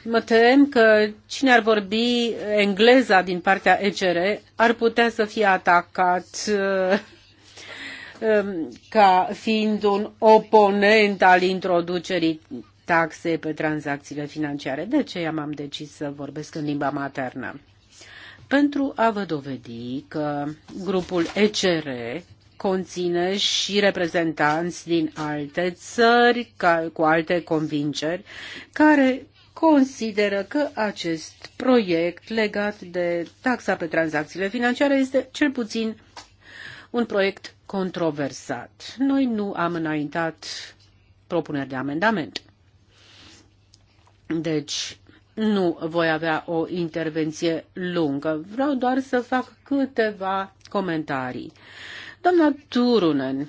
S3: mă tem că cine ar vorbi engleza din partea ECR ar putea să fie atacat [LAUGHS] um, ca fiind un oponent al introducerii taxe pe tranzacțiile financiare. De aceea m-am decis să vorbesc în limba maternă pentru a vă dovedi că grupul ECR conține și reprezentanți din alte țări ca, cu alte convingeri care consideră că acest proiect legat de taxa pe tranzacțiile financiare este cel puțin un proiect controversat. Noi nu am înaintat propuneri de amendament. Deci, nu voi avea o intervenție lungă. Vreau doar să fac câteva comentarii. Doamna Turunen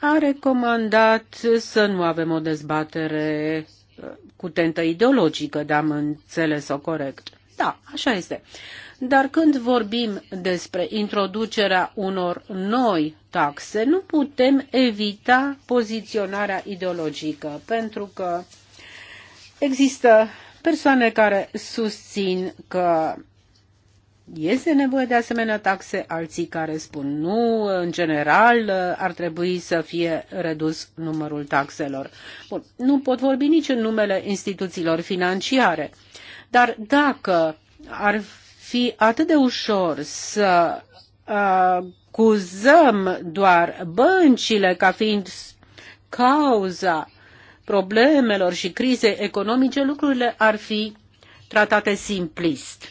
S3: a recomandat să nu avem o dezbatere uh, cu tentă ideologică, dar am înțeles-o corect. Da, așa este. Dar când vorbim despre introducerea unor noi taxe, nu putem evita poziționarea ideologică, pentru că Există persoane care susțin că este nevoie de asemenea taxe, alții care spun nu, în general ar trebui să fie redus numărul taxelor. Bun, nu pot vorbi nici în numele instituțiilor financiare, dar dacă ar fi atât de ușor să acuzăm doar băncile ca fiind cauza problemelor și crizei economice, lucrurile ar fi tratate simplist.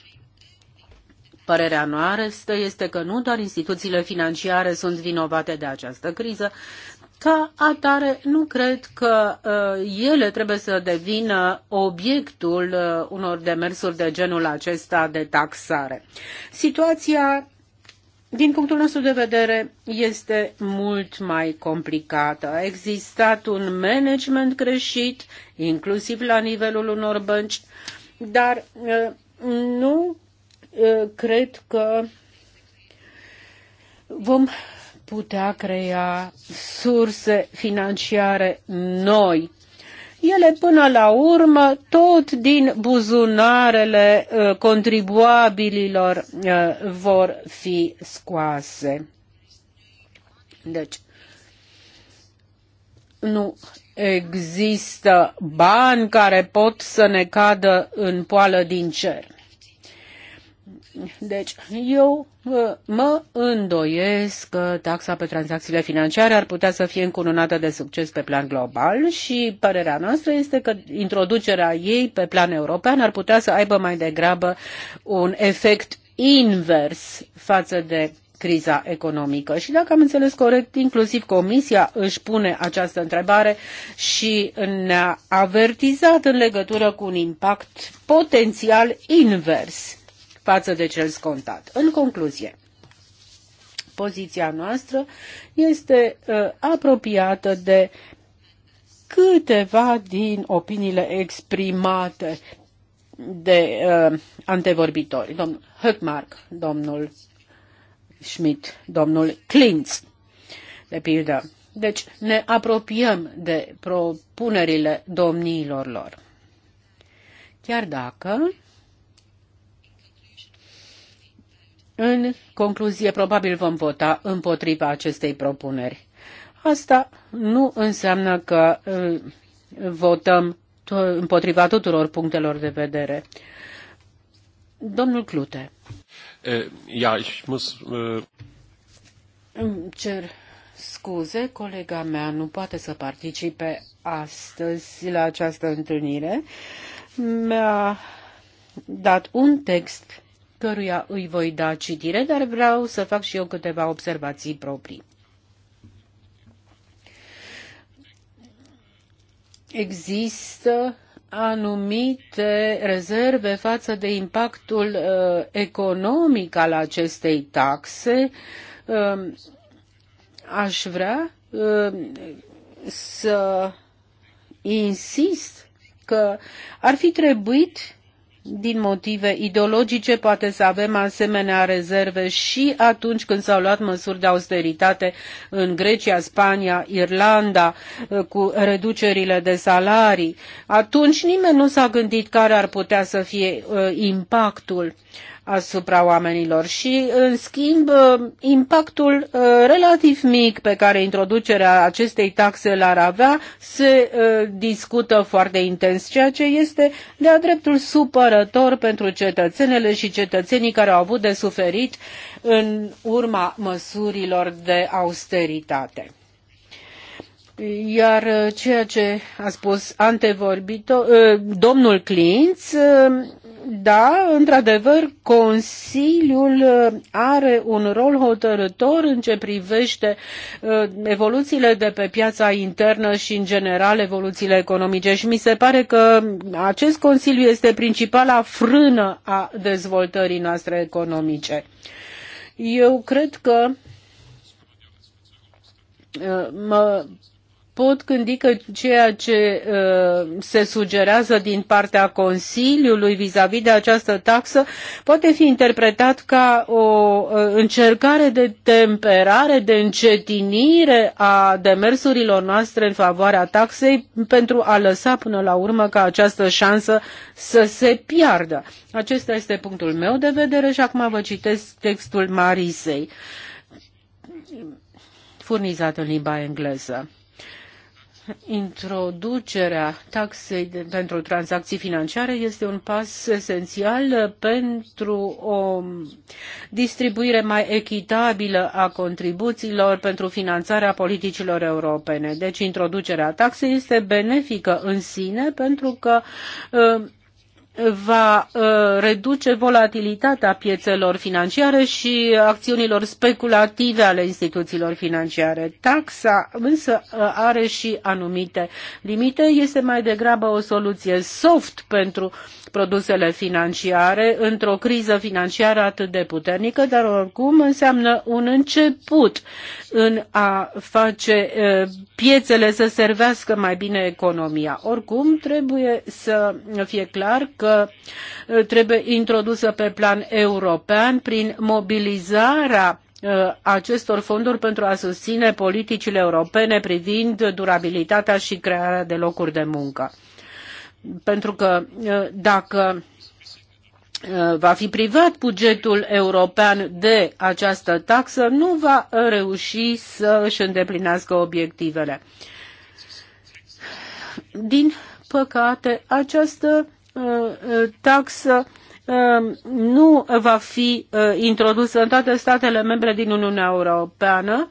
S3: Părerea noastră este că nu doar instituțiile financiare sunt vinovate de această criză, ca atare, nu cred că uh, ele trebuie să devină obiectul uh, unor demersuri de genul acesta de taxare. Situația din punctul nostru de vedere, este mult mai complicată. A existat un management greșit, inclusiv la nivelul unor bănci, dar uh, nu uh, cred că vom putea crea surse financiare noi ele până la urmă tot din buzunarele uh, contribuabililor uh, vor fi scoase. Deci, nu există bani care pot să ne cadă în poală din cer. Deci, eu mă îndoiesc că taxa pe tranzacțiile financiare ar putea să fie încununată de succes pe plan global și părerea noastră este că introducerea ei pe plan european ar putea să aibă mai degrabă un efect invers față de criza economică. Și dacă am înțeles corect, inclusiv Comisia își pune această întrebare și ne-a avertizat în legătură cu un impact potențial invers față de cel scontat. În concluzie, poziția noastră este uh, apropiată de câteva din opiniile exprimate de uh, antevorbitori, domnul Höckmark, domnul Schmidt, domnul Klintz, de pildă. Deci ne apropiem de propunerile domniilor lor. Chiar dacă În concluzie, probabil vom vota împotriva acestei propuneri. Asta nu înseamnă că uh, votăm împotriva tuturor punctelor de vedere. Domnul Clute.
S1: Ja, eh, ich muss... Eh,
S3: Îmi cer scuze, colega mea nu poate să participe astăzi la această întâlnire. Mi-a dat un text căruia îi voi da citire, dar vreau să fac și eu câteva observații proprii. Există anumite rezerve față de impactul uh, economic al acestei taxe. Uh, aș vrea uh, să insist că ar fi trebuit din motive ideologice poate să avem asemenea rezerve și atunci când s-au luat măsuri de austeritate în Grecia, Spania, Irlanda eh, cu reducerile de salarii. Atunci nimeni nu s-a gândit care ar putea să fie eh, impactul asupra oamenilor și, în schimb, impactul uh, relativ mic pe care introducerea acestei taxe l-ar avea se uh, discută foarte intens, ceea ce este de-a dreptul supărător pentru cetățenele și cetățenii care au avut de suferit în urma măsurilor de austeritate. Iar uh, ceea ce a spus antevorbitor, domnul Clinț da, într-adevăr, Consiliul uh, are un rol hotărător în ce privește uh, evoluțiile de pe piața internă și, în general, evoluțiile economice. Și mi se pare că acest Consiliu este principala frână a dezvoltării noastre economice. Eu cred că uh, mă pot gândi că ceea ce uh, se sugerează din partea Consiliului vis-a-vis -vis de această taxă poate fi interpretat ca o uh, încercare de temperare, de încetinire a demersurilor noastre în favoarea taxei pentru a lăsa până la urmă ca această șansă să se piardă. Acesta este punctul meu de vedere și acum vă citesc textul Marisei furnizat în limba engleză introducerea taxei de, pentru tranzacții financiare este un pas esențial pentru o distribuire mai echitabilă a contribuțiilor pentru finanțarea politicilor europene. Deci introducerea taxei este benefică în sine pentru că uh, va uh, reduce volatilitatea piețelor financiare și acțiunilor speculative ale instituțiilor financiare. Taxa însă uh, are și anumite limite, este mai degrabă o soluție soft pentru produsele financiare într-o criză financiară atât de puternică, dar oricum înseamnă un început în a face uh, piețele să servească mai bine economia. Oricum trebuie să fie clar că că uh, trebuie introdusă pe plan european prin mobilizarea uh, acestor fonduri pentru a susține politicile europene privind durabilitatea și crearea de locuri de muncă. Pentru că uh, dacă va fi privat bugetul european de această taxă, nu va reuși să își îndeplinească obiectivele. Din păcate, această taxă um, nu va fi uh, introdusă în toate statele membre din Uniunea Europeană,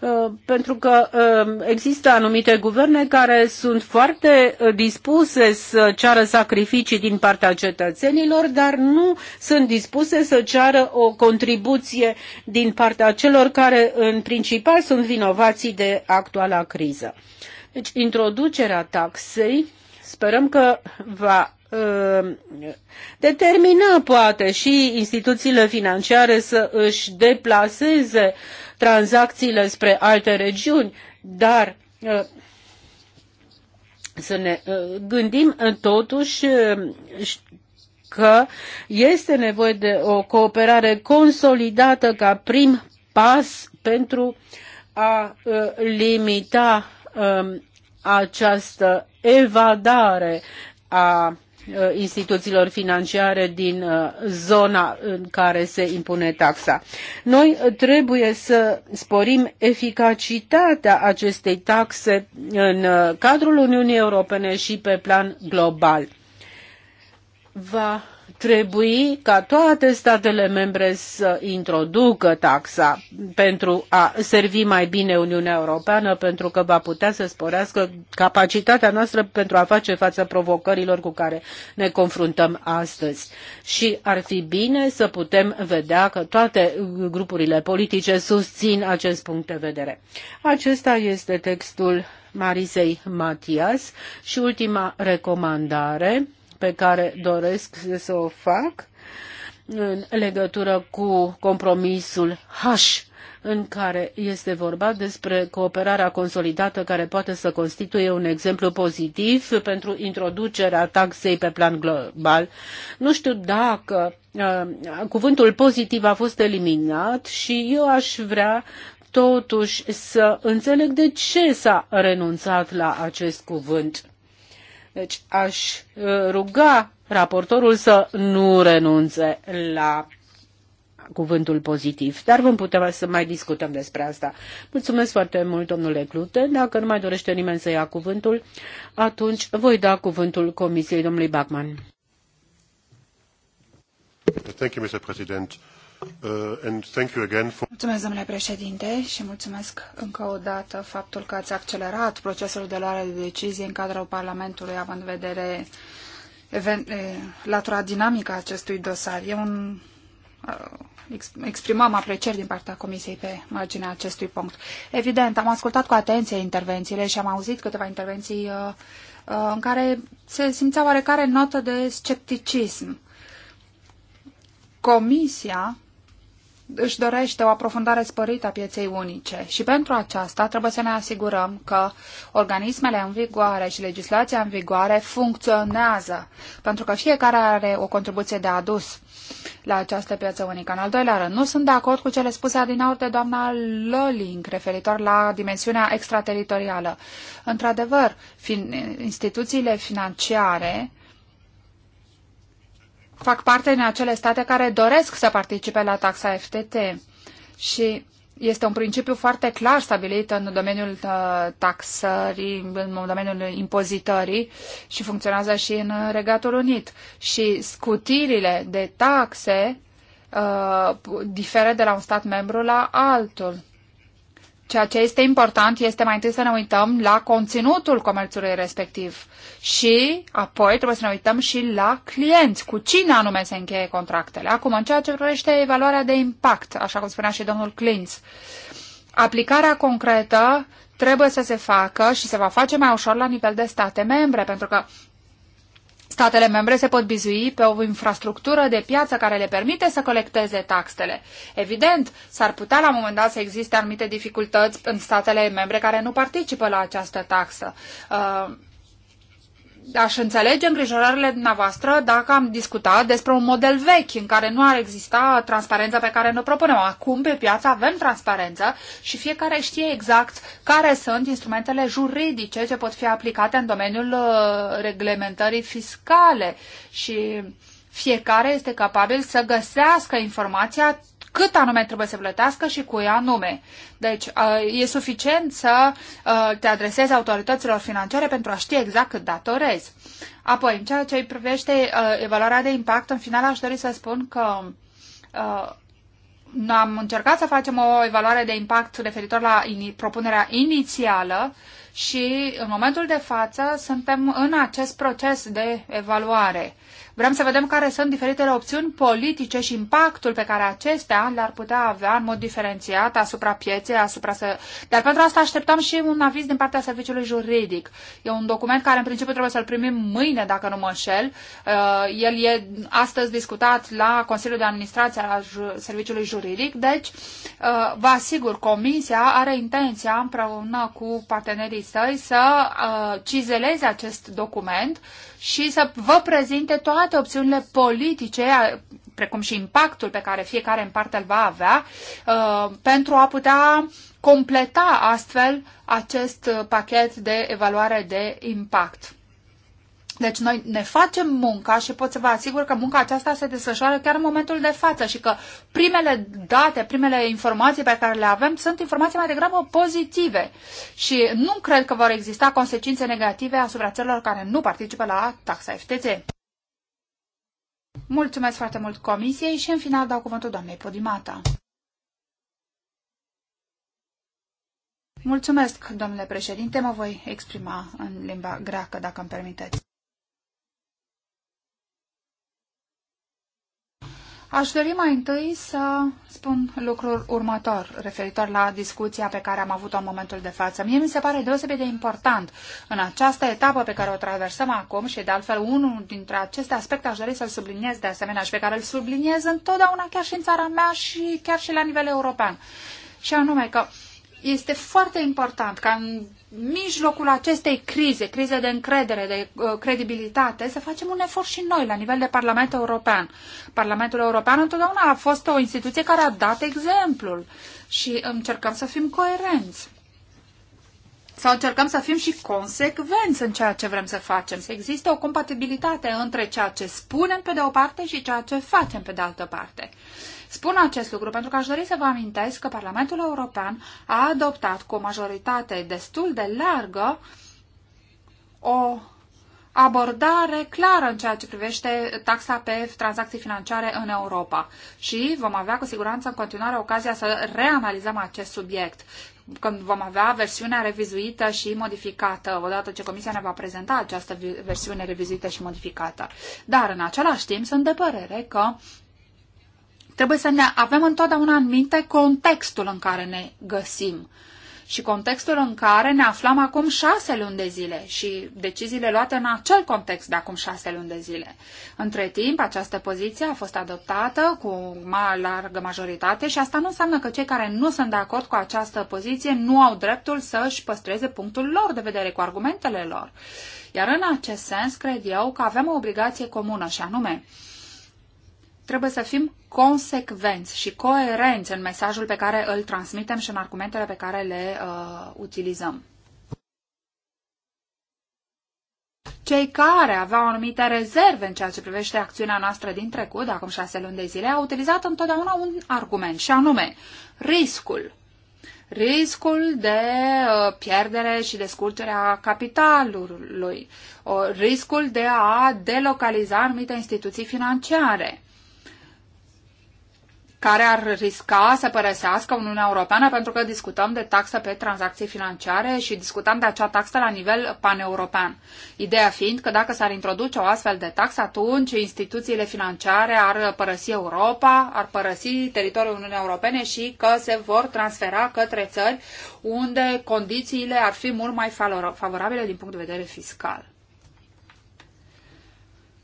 S3: uh, pentru că um, există anumite guverne care sunt foarte uh, dispuse să ceară sacrificii din partea cetățenilor, dar nu sunt dispuse să ceară o contribuție din partea celor care în principal sunt vinovații de actuala criză. Deci introducerea taxei sperăm că va Uh, determina poate și instituțiile financiare să își deplaseze tranzacțiile spre alte regiuni, dar uh, să ne uh, gândim totuși că este nevoie de o cooperare consolidată ca prim pas pentru a limita um, această evadare a Uh, instituțiilor financiare din uh, zona în care se impune taxa. Noi uh, trebuie să sporim eficacitatea acestei taxe în cadrul Uniunii Europene și pe plan global va trebui ca toate statele membre să introducă taxa pentru a servi mai bine Uniunea Europeană, pentru că va putea să sporească capacitatea noastră pentru a face față provocărilor cu care ne confruntăm astăzi. Și ar fi bine să putem vedea că toate grupurile politice susțin acest punct de vedere. Acesta este textul Marisei Matias și ultima recomandare pe care doresc să o fac în legătură cu compromisul H în care este vorba despre cooperarea consolidată care poate să constituie un exemplu pozitiv pentru introducerea taxei pe plan global. Nu știu dacă uh, cuvântul pozitiv a fost eliminat și eu aș vrea totuși să înțeleg de ce s-a renunțat la acest cuvânt. Deci aș uh, ruga raportorul să nu renunțe la cuvântul pozitiv, dar vom putea să mai discutăm despre asta. Mulțumesc foarte mult, domnule Clute. Dacă nu mai dorește nimeni să ia cuvântul, atunci voi da cuvântul Comisiei domnului Bachmann.
S2: Thank you, Mr. President. Uh,
S1: mulțumesc, domnule președinte, și mulțumesc încă o dată faptul că ați accelerat procesul de luare de decizie în cadrul Parlamentului, având în vedere latura dinamică a acestui dosar. E un uh, exprimăm aprecieri din partea Comisiei pe marginea acestui punct. Evident, am ascultat cu atenție intervențiile și am auzit câteva intervenții uh, în care se simțea oarecare notă de scepticism. Comisia își dorește o aprofundare sporită a pieței unice și pentru aceasta trebuie să ne asigurăm că organismele în vigoare și legislația în vigoare funcționează, pentru că fiecare are o contribuție de adus la această piață unică. În al doilea rând, nu sunt de acord cu cele spuse adinaur de doamna Lolling referitor la dimensiunea extrateritorială. Într-adevăr, fin instituțiile financiare fac parte din acele state care doresc să participe la taxa FTT și este un principiu foarte clar stabilit în domeniul uh, taxării, în domeniul impozitării și funcționează și în Regatul Unit. Și scutirile de taxe uh, diferă de la un stat membru la altul. Ceea ce este important este mai întâi să ne uităm la conținutul comerțului respectiv și apoi trebuie să ne uităm și la clienți, cu cine anume se încheie contractele. Acum, în ceea ce privește evaluarea de impact, așa cum spunea și domnul Clintz, aplicarea concretă trebuie să se facă și se va face mai ușor la nivel de state membre, pentru că statele membre se pot bizui pe o infrastructură de piață care le permite să colecteze taxele. Evident, s-ar putea la un moment dat să existe anumite dificultăți în statele membre care nu participă la această taxă. Uh, aș înțelege îngrijorările dumneavoastră dacă am discutat despre un model vechi în care nu ar exista transparența pe care ne propunem. Acum pe piață avem transparență și fiecare știe exact care sunt instrumentele juridice ce pot fi aplicate în domeniul uh, reglementării fiscale și fiecare este capabil să găsească informația cât anume trebuie să plătească și cui anume. Deci uh, e suficient să uh, te adresezi autorităților financiare pentru a ști exact cât datorezi. Apoi, în ceea ce îi privește uh, evaluarea de impact, în final aș dori să spun că am încercat să facem o evaluare de impact referitor la in, propunerea inițială și în momentul de față suntem în acest proces de evaluare. Vrem să vedem care sunt diferitele opțiuni politice și impactul pe care acestea le-ar putea avea în mod diferențiat asupra pieței, asupra să... Dar pentru asta așteptăm și un aviz din partea serviciului juridic. E un document care în principiu trebuie să-l primim mâine, dacă nu mă înșel. Uh, el e astăzi discutat la Consiliul de Administrație al Serviciului Juridic, deci uh, vă asigur, Comisia are intenția împreună cu partenerii săi să uh, cizeleze acest document și să vă prezinte toate opțiunile politice, precum și impactul pe care fiecare în parte îl va avea, uh, pentru a putea completa astfel acest uh, pachet de evaluare de impact. Deci noi ne facem munca și pot să vă asigur că munca aceasta se desfășoară chiar în momentul de față și că primele date, primele informații pe care le avem sunt informații mai degrabă pozitive și nu cred că vor exista consecințe negative asupra celor care nu participă la taxa FTC. Mulțumesc foarte mult comisiei și în final dau cuvântul doamnei Podimata. Mulțumesc, domnule președinte, mă voi exprima în limba greacă, dacă îmi permiteți. Aș dori mai întâi să spun lucrul următor referitor la discuția pe care am avut-o în momentul de față. Mie mi se pare deosebit de important în această etapă pe care o traversăm acum și de altfel unul dintre aceste aspecte aș dori să-l subliniez de asemenea și pe care îl subliniez întotdeauna chiar și în țara mea și chiar și la nivel european. Și anume că este foarte important ca în mijlocul acestei crize, crize de încredere, de uh, credibilitate, să facem un efort și noi la nivel de Parlament European. Parlamentul European întotdeauna a fost o instituție care a dat exemplul și încercăm să fim coerenți. Sau încercăm să fim și consecvenți în ceea ce vrem să facem, să existe o compatibilitate între ceea ce spunem pe de o parte și ceea ce facem pe de altă parte. Uh, Spun acest lucru pentru că aș dori să vă amintesc că Parlamentul European a adoptat cu o majoritate destul de largă o abordare clară în ceea ce privește taxa pe tranzacții financiare în Europa. Și vom avea cu siguranță în continuare ocazia să reanalizăm acest subiect când vom avea versiunea revizuită și modificată, odată ce Comisia ne va prezenta această versiune revizuită și modificată. Dar, în același timp, sunt de părere că Trebuie să ne avem întotdeauna în minte contextul în care ne găsim și contextul în care ne aflam acum șase luni de zile și deciziile luate în acel context de acum șase luni de zile. Între timp, această poziție a fost adoptată cu mai largă majoritate și asta nu înseamnă că cei care nu sunt de acord cu această poziție nu au dreptul să își păstreze punctul lor de vedere cu argumentele lor. Iar în acest sens, cred eu că avem o obligație comună și anume trebuie să fim consecvenți și coerenți în mesajul pe care îl transmitem și în argumentele pe care le uh, utilizăm. Cei care aveau anumite rezerve în ceea ce privește acțiunea noastră din trecut, acum șase luni de zile, au utilizat întotdeauna un argument, și anume riscul. Riscul de uh, pierdere și de scurgerea capitalului, riscul de a delocaliza anumite instituții financiare care ar risca să părăsească Uniunea Europeană pentru că discutăm de taxă pe tranzacții financiare și discutăm de acea taxă la nivel paneuropean. Ideea fiind că dacă s-ar introduce o astfel de taxă, atunci instituțiile financiare ar părăsi Europa, ar părăsi teritoriul Uniunii Europene și că se vor transfera către țări unde condițiile ar fi mult mai favorabile din punct de vedere fiscal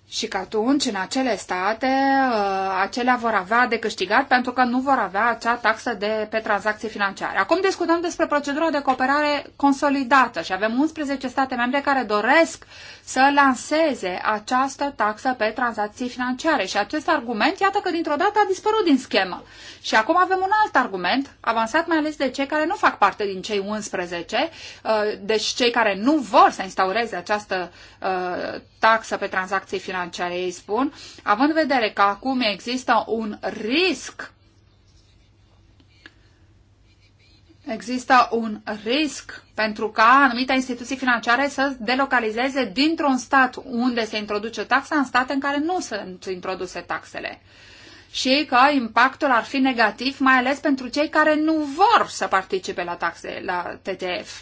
S1: și că atunci, în acele state, uh, acelea vor avea de câștigat pentru că nu vor avea acea taxă de, pe tranzacții financiare. Acum discutăm despre procedura de cooperare consolidată și avem 11 state membre care doresc să lanseze această taxă pe tranzacții financiare. Și acest argument, iată că dintr-o dată a dispărut din schemă. Și acum avem un alt argument, avansat mai ales de cei care nu fac parte din cei 11, uh, deci cei care nu vor să instaureze această uh, taxă pe tranzacții financiare, ei spun, având în vedere că acum există un risc există un risc pentru ca anumite instituții financiare să delocalizeze dintr-un stat unde se introduce taxa în state în care nu sunt introduse taxele. Și că impactul ar fi negativ, mai ales pentru cei care nu vor să participe la taxe, la TTF.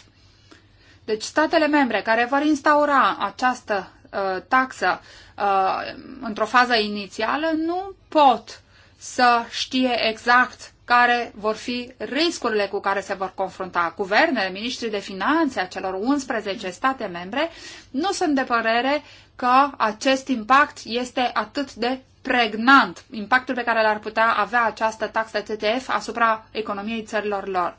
S1: Deci statele membre care vor instaura această uh, taxă uh, într-o fază inițială nu pot să știe exact care vor fi riscurile cu care se vor confrunta guvernele, ministrii de finanțe a celor 11 state membre, nu sunt de părere că acest impact este atât de pregnant, impactul pe care l-ar putea avea această taxă TTF asupra economiei țărilor lor.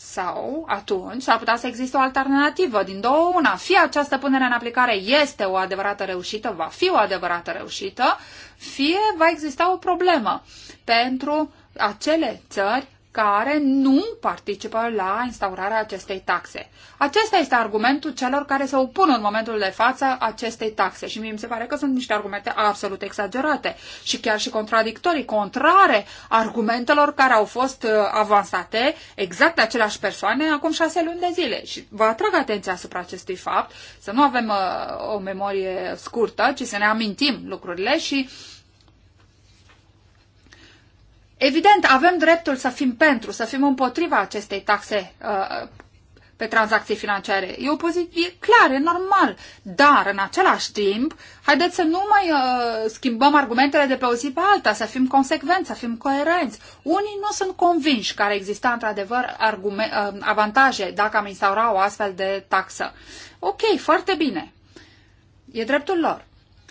S1: Sau, atunci, ar putea să existe o alternativă din două una. Fie această punere în aplicare este o adevărată reușită, va fi o adevărată reușită, fie va exista o problemă pentru acele țări care nu participă la instaurarea acestei taxe. Acesta este argumentul celor care se opun în momentul de față acestei taxe și mie mi se pare că sunt niște argumente absolut exagerate și chiar și contradictorii, contrare argumentelor care au fost uh, avansate exact de aceleași persoane acum șase luni de zile. Și vă atrag atenția asupra acestui fapt, să nu avem uh, o memorie scurtă, ci să ne amintim lucrurile și uh, Evident, avem dreptul să fim pentru, să fim împotriva acestei taxe uh, pe tranzacții financiare. E o poziție clară, e normal. Dar, în același timp, haideți să nu mai uh, schimbăm argumentele de pe o zi pe alta, să fim consecvenți, să fim coerenți. Unii nu sunt convinși că ar exista, într-adevăr, argume- uh, avantaje dacă am instaura o astfel de taxă. Ok, foarte bine. E dreptul lor.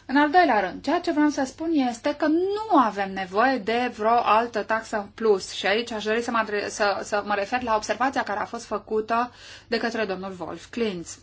S1: În al doilea rând, ceea ce vreau să spun este că nu avem nevoie de vreo altă taxă plus și aici aș dori să mă, să, să mă refer la observația care a fost făcută de către domnul Wolf Klintz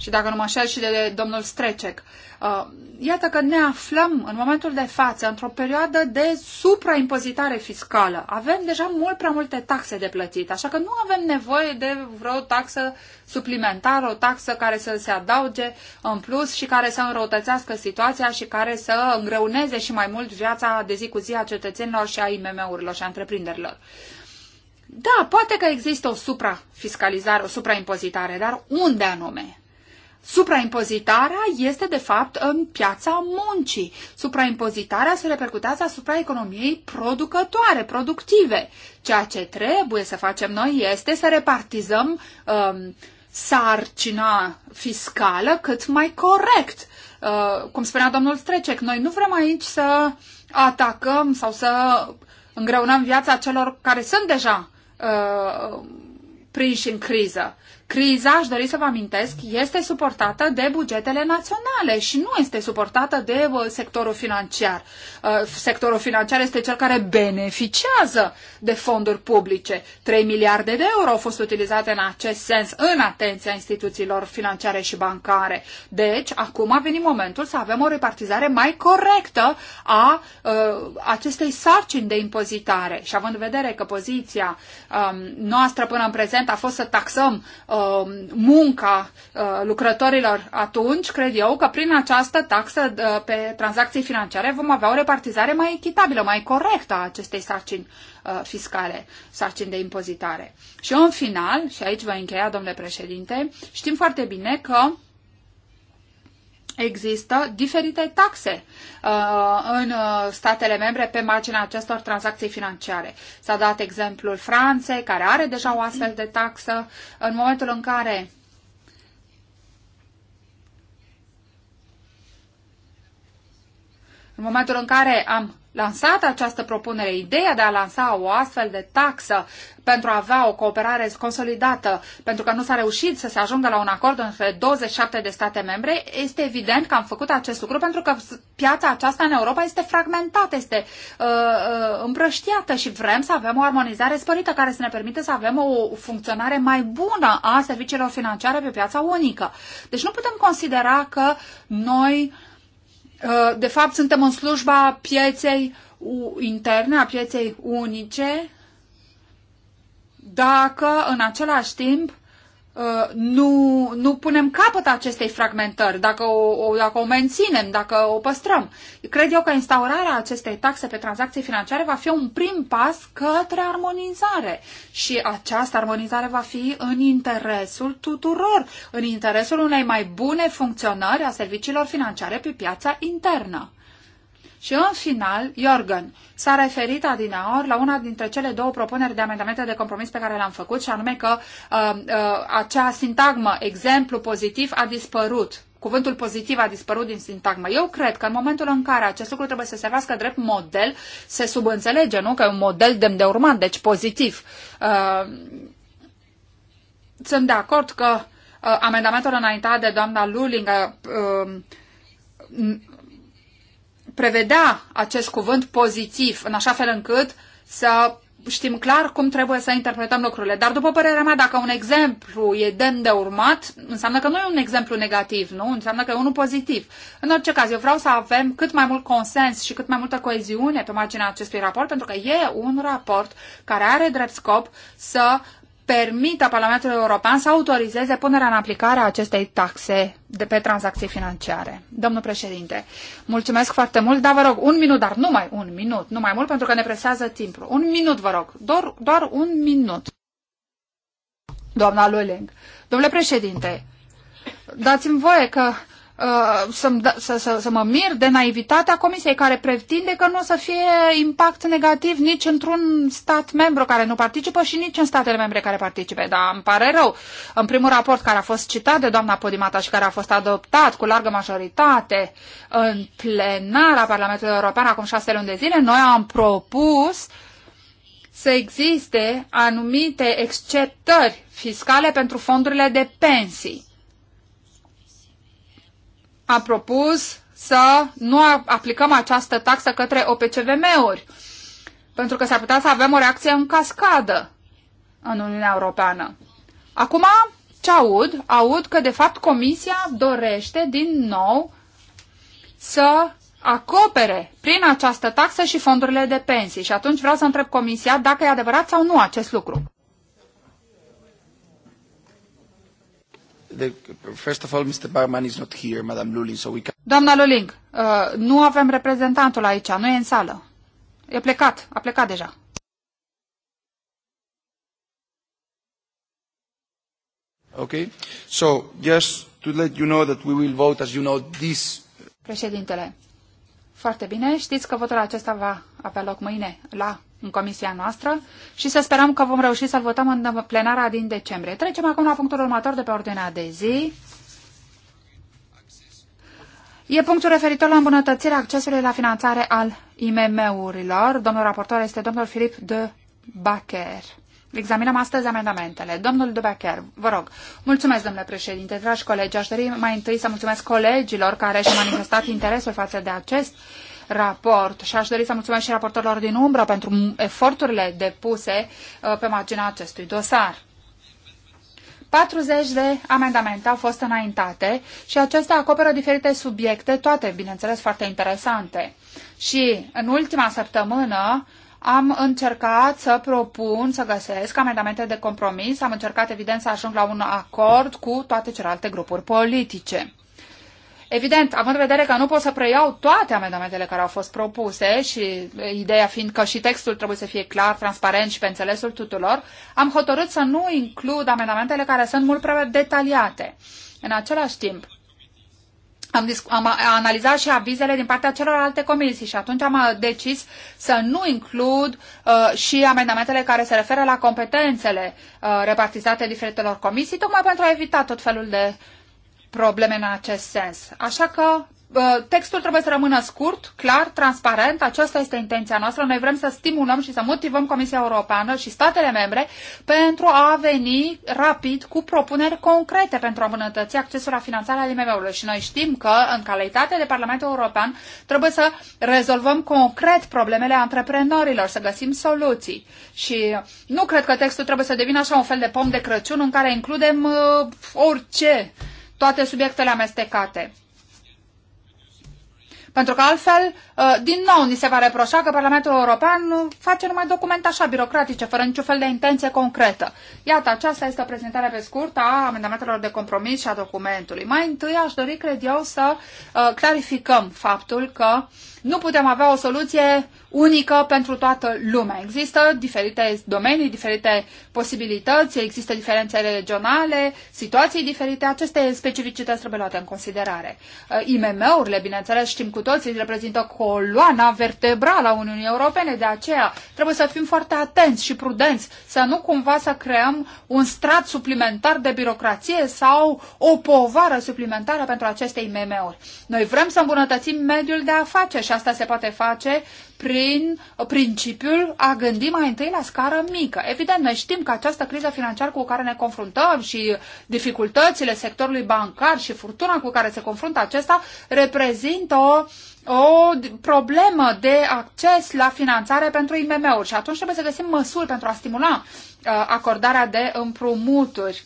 S1: și dacă nu mă așa, și de domnul Strecec. Uh, iată că ne aflăm în momentul de față într-o perioadă de supraimpozitare fiscală. Avem deja mult prea multe taxe de plătit, așa că nu avem nevoie de vreo taxă suplimentară, o taxă care să se adauge în plus și care să înrăutățească situația și care să îngreuneze și mai mult viața de zi cu zi a cetățenilor și a IMM-urilor și a întreprinderilor. Da, poate că există o suprafiscalizare, o supraimpozitare, dar unde anume? Supraimpozitarea este, de fapt, în piața muncii. Supraimpozitarea se repercutează asupra economiei producătoare, productive. Ceea ce trebuie să facem noi este să repartizăm um, sarcina fiscală cât mai corect. Uh, cum spunea domnul Strecec, noi nu vrem aici să atacăm sau să îngreunăm viața celor care sunt deja uh, prinși în criză. Criza, aș dori să vă amintesc, este suportată de bugetele naționale și nu este suportată de uh, sectorul financiar. Uh, sectorul financiar este cel care beneficiază de fonduri publice. 3 miliarde de euro au fost utilizate în acest sens în atenția instituțiilor financiare și bancare. Deci, acum a venit momentul să avem o repartizare mai corectă a uh, acestei sarcini de impozitare. Și având în vedere că poziția um, noastră până în prezent a fost să taxăm Uh, munca uh, lucrătorilor atunci, cred eu că prin această taxă uh, pe tranzacții financiare vom avea o repartizare mai echitabilă, mai corectă a acestei sarcini fiscale, sarcini de impozitare. Și în final, și aici vă încheia, domnule președinte, știm foarte bine că există diferite taxe uh, în uh, statele membre pe marginea acestor tranzacții financiare. S-a dat exemplul Franței, care are deja o astfel de taxă. În momentul în care în momentul în care am lansat această propunere, ideea de a lansa o astfel de taxă pentru a avea o cooperare consolidată, pentru că nu s-a reușit să se ajungă la un acord între 27 de state membre, este evident că am făcut acest lucru pentru că piața aceasta în Europa este fragmentată, este uh, uh împrăștiată și vrem să avem o armonizare sporită care să ne permite să avem o funcționare mai bună a serviciilor financiare pe piața unică. Deci nu putem considera că noi uh, Uh, de fapt, suntem în slujba pieței interne, a pieței unice, dacă în același timp Uh, nu, nu punem capăt acestei fragmentări, dacă o, o, dacă o menținem, dacă o păstrăm. Cred eu că instaurarea acestei taxe pe tranzacții financiare va fi un prim pas către armonizare și această armonizare va fi în interesul tuturor, în interesul unei mai bune funcționări a serviciilor financiare pe piața internă. Și în final, Jorgen s-a referit adineaori la una dintre cele două propuneri de amendamente de compromis pe care le-am făcut și anume că uh, uh, acea sintagmă, exemplu pozitiv, a dispărut cuvântul pozitiv a dispărut din sintagmă. Eu cred că în momentul în care acest lucru trebuie să se servească drept model, se subînțelege, nu? Că e un model demn de urmat, deci pozitiv. Uh, sunt de acord că uh, amendamentul înaintat de doamna Luling uh, uh prevedea acest cuvânt pozitiv, în așa fel încât să știm clar cum trebuie să interpretăm lucrurile. Dar după părerea mea, dacă un exemplu e demn de urmat, înseamnă că nu e un exemplu negativ, nu? Înseamnă că e unul pozitiv. În orice caz, eu vreau să avem cât mai mult consens și cât mai multă coeziune pe marginea acestui raport, pentru că e un raport care are drept scop să permită Parlamentului European să autorizeze punerea în aplicare a acestei taxe de pe tranzacții financiare. Domnul președinte, mulțumesc foarte mult, dar vă rog, un minut, dar numai un minut, nu mai mult, pentru că ne presează timpul. Un minut, vă rog, doar, doar un minut. Doamna Luling, domnule președinte, dați-mi voie că Uh, să, da- să, să, să mă mir de naivitatea Comisiei, care pretinde că nu o să fie impact negativ nici într-un stat membru care nu participă și nici în statele membre care participe. Dar îmi pare rău. În primul raport care a fost citat de doamna Podimata și care a fost adoptat cu largă majoritate în plenara Parlamentului European acum șase luni de zile, noi am propus să existe anumite exceptări fiscale pentru fondurile de pensii a propus să nu aplicăm această taxă către OPCVM-uri, pentru că s-ar putea să avem o reacție în cascadă în Uniunea Europeană. Acum, ce aud? Aud că, de fapt, Comisia dorește din nou să acopere prin această taxă și fondurile de pensii. Și atunci vreau să întreb Comisia dacă e adevărat sau nu acest lucru. The, first Doamna Luling, uh, nu avem reprezentantul aici, nu e în sală. E plecat, a plecat deja. Ok. So, just to let you know that we will vote, as you know, this... Președintele, foarte bine, știți că votul acesta va avea loc mâine la în comisia noastră și să sperăm că vom reuși să-l votăm în plenara din decembrie. Trecem acum la punctul următor de pe ordinea de zi. E punctul referitor la îmbunătățirea accesului la finanțare al IMM-urilor. Domnul raportor este domnul Filip de Bacher. Examinăm astăzi amendamentele. Domnul de Bacher, vă rog. Mulțumesc, domnule președinte, dragi colegi. Aș dori mai întâi să mulțumesc colegilor care și-au manifestat interesul față de acest raport și aș dori să mulțumesc și raportorilor din umbră pentru eforturile depuse uh, pe marginea acestui dosar. 40 de amendamente au fost înaintate și acestea acoperă diferite subiecte, toate, bineînțeles, foarte interesante. Și în ultima săptămână am încercat să propun, să găsesc amendamente de compromis, am încercat, evident, să ajung la un acord cu toate celelalte grupuri politice. Evident, având în vedere că nu pot să preiau toate amendamentele care au fost propuse și ideea fiind că și textul trebuie să fie clar, transparent și pe înțelesul tuturor, am hotărât să nu includ amendamentele care sunt mult prea detaliate. În același timp, am, am analizat și avizele din partea celorlalte comisii și atunci am decis să nu includ uh, și amendamentele care se referă la competențele uh, repartizate diferitelor comisii, tocmai pentru a evita tot felul de probleme în acest sens. Așa că textul trebuie să rămână scurt, clar, transparent. Aceasta este intenția noastră. Noi vrem să stimulăm și să motivăm Comisia Europeană și statele membre pentru a veni rapid cu propuneri concrete pentru a îmbunătăți accesul la finanțarea IMM-urilor. Și noi știm că, în calitate de Parlamentul European, trebuie să rezolvăm concret problemele antreprenorilor, să găsim soluții. Și nu cred că textul trebuie să devină așa un fel de pom de Crăciun în care includem uh, orice toate subiectele amestecate. Pentru că altfel, ă, din nou, ni se va reproșa că Parlamentul European face numai documente așa birocratice, fără niciun fel de intenție concretă. Iată, aceasta este o prezentare pe scurt a amendamentelor de compromis și a documentului. Mai întâi aș dori, cred eu, să ă, clarificăm faptul că nu putem avea o soluție unică pentru toată lumea. Există diferite domenii, diferite posibilități, există diferențe regionale, situații diferite. Aceste specificități trebuie luate în considerare. Uh, IMM-urile, bineînțeles, știm cu toții, reprezintă coloana vertebrală a Uniunii Europene, de aceea trebuie să fim foarte atenți și prudenți, să nu cumva să creăm un strat suplimentar de birocrație sau o povară suplimentară pentru aceste IMM-uri. Noi vrem să îmbunătățim mediul de afaceri și asta se poate face prin principiul a gândi mai întâi la scară mică. Evident, noi știm că această criză financiară cu care ne confruntăm și dificultățile sectorului bancar și furtuna cu care se confruntă acesta reprezintă o o problemă de acces la finanțare pentru IMM-uri și atunci trebuie să găsim măsuri pentru a stimula uh, acordarea de împrumuturi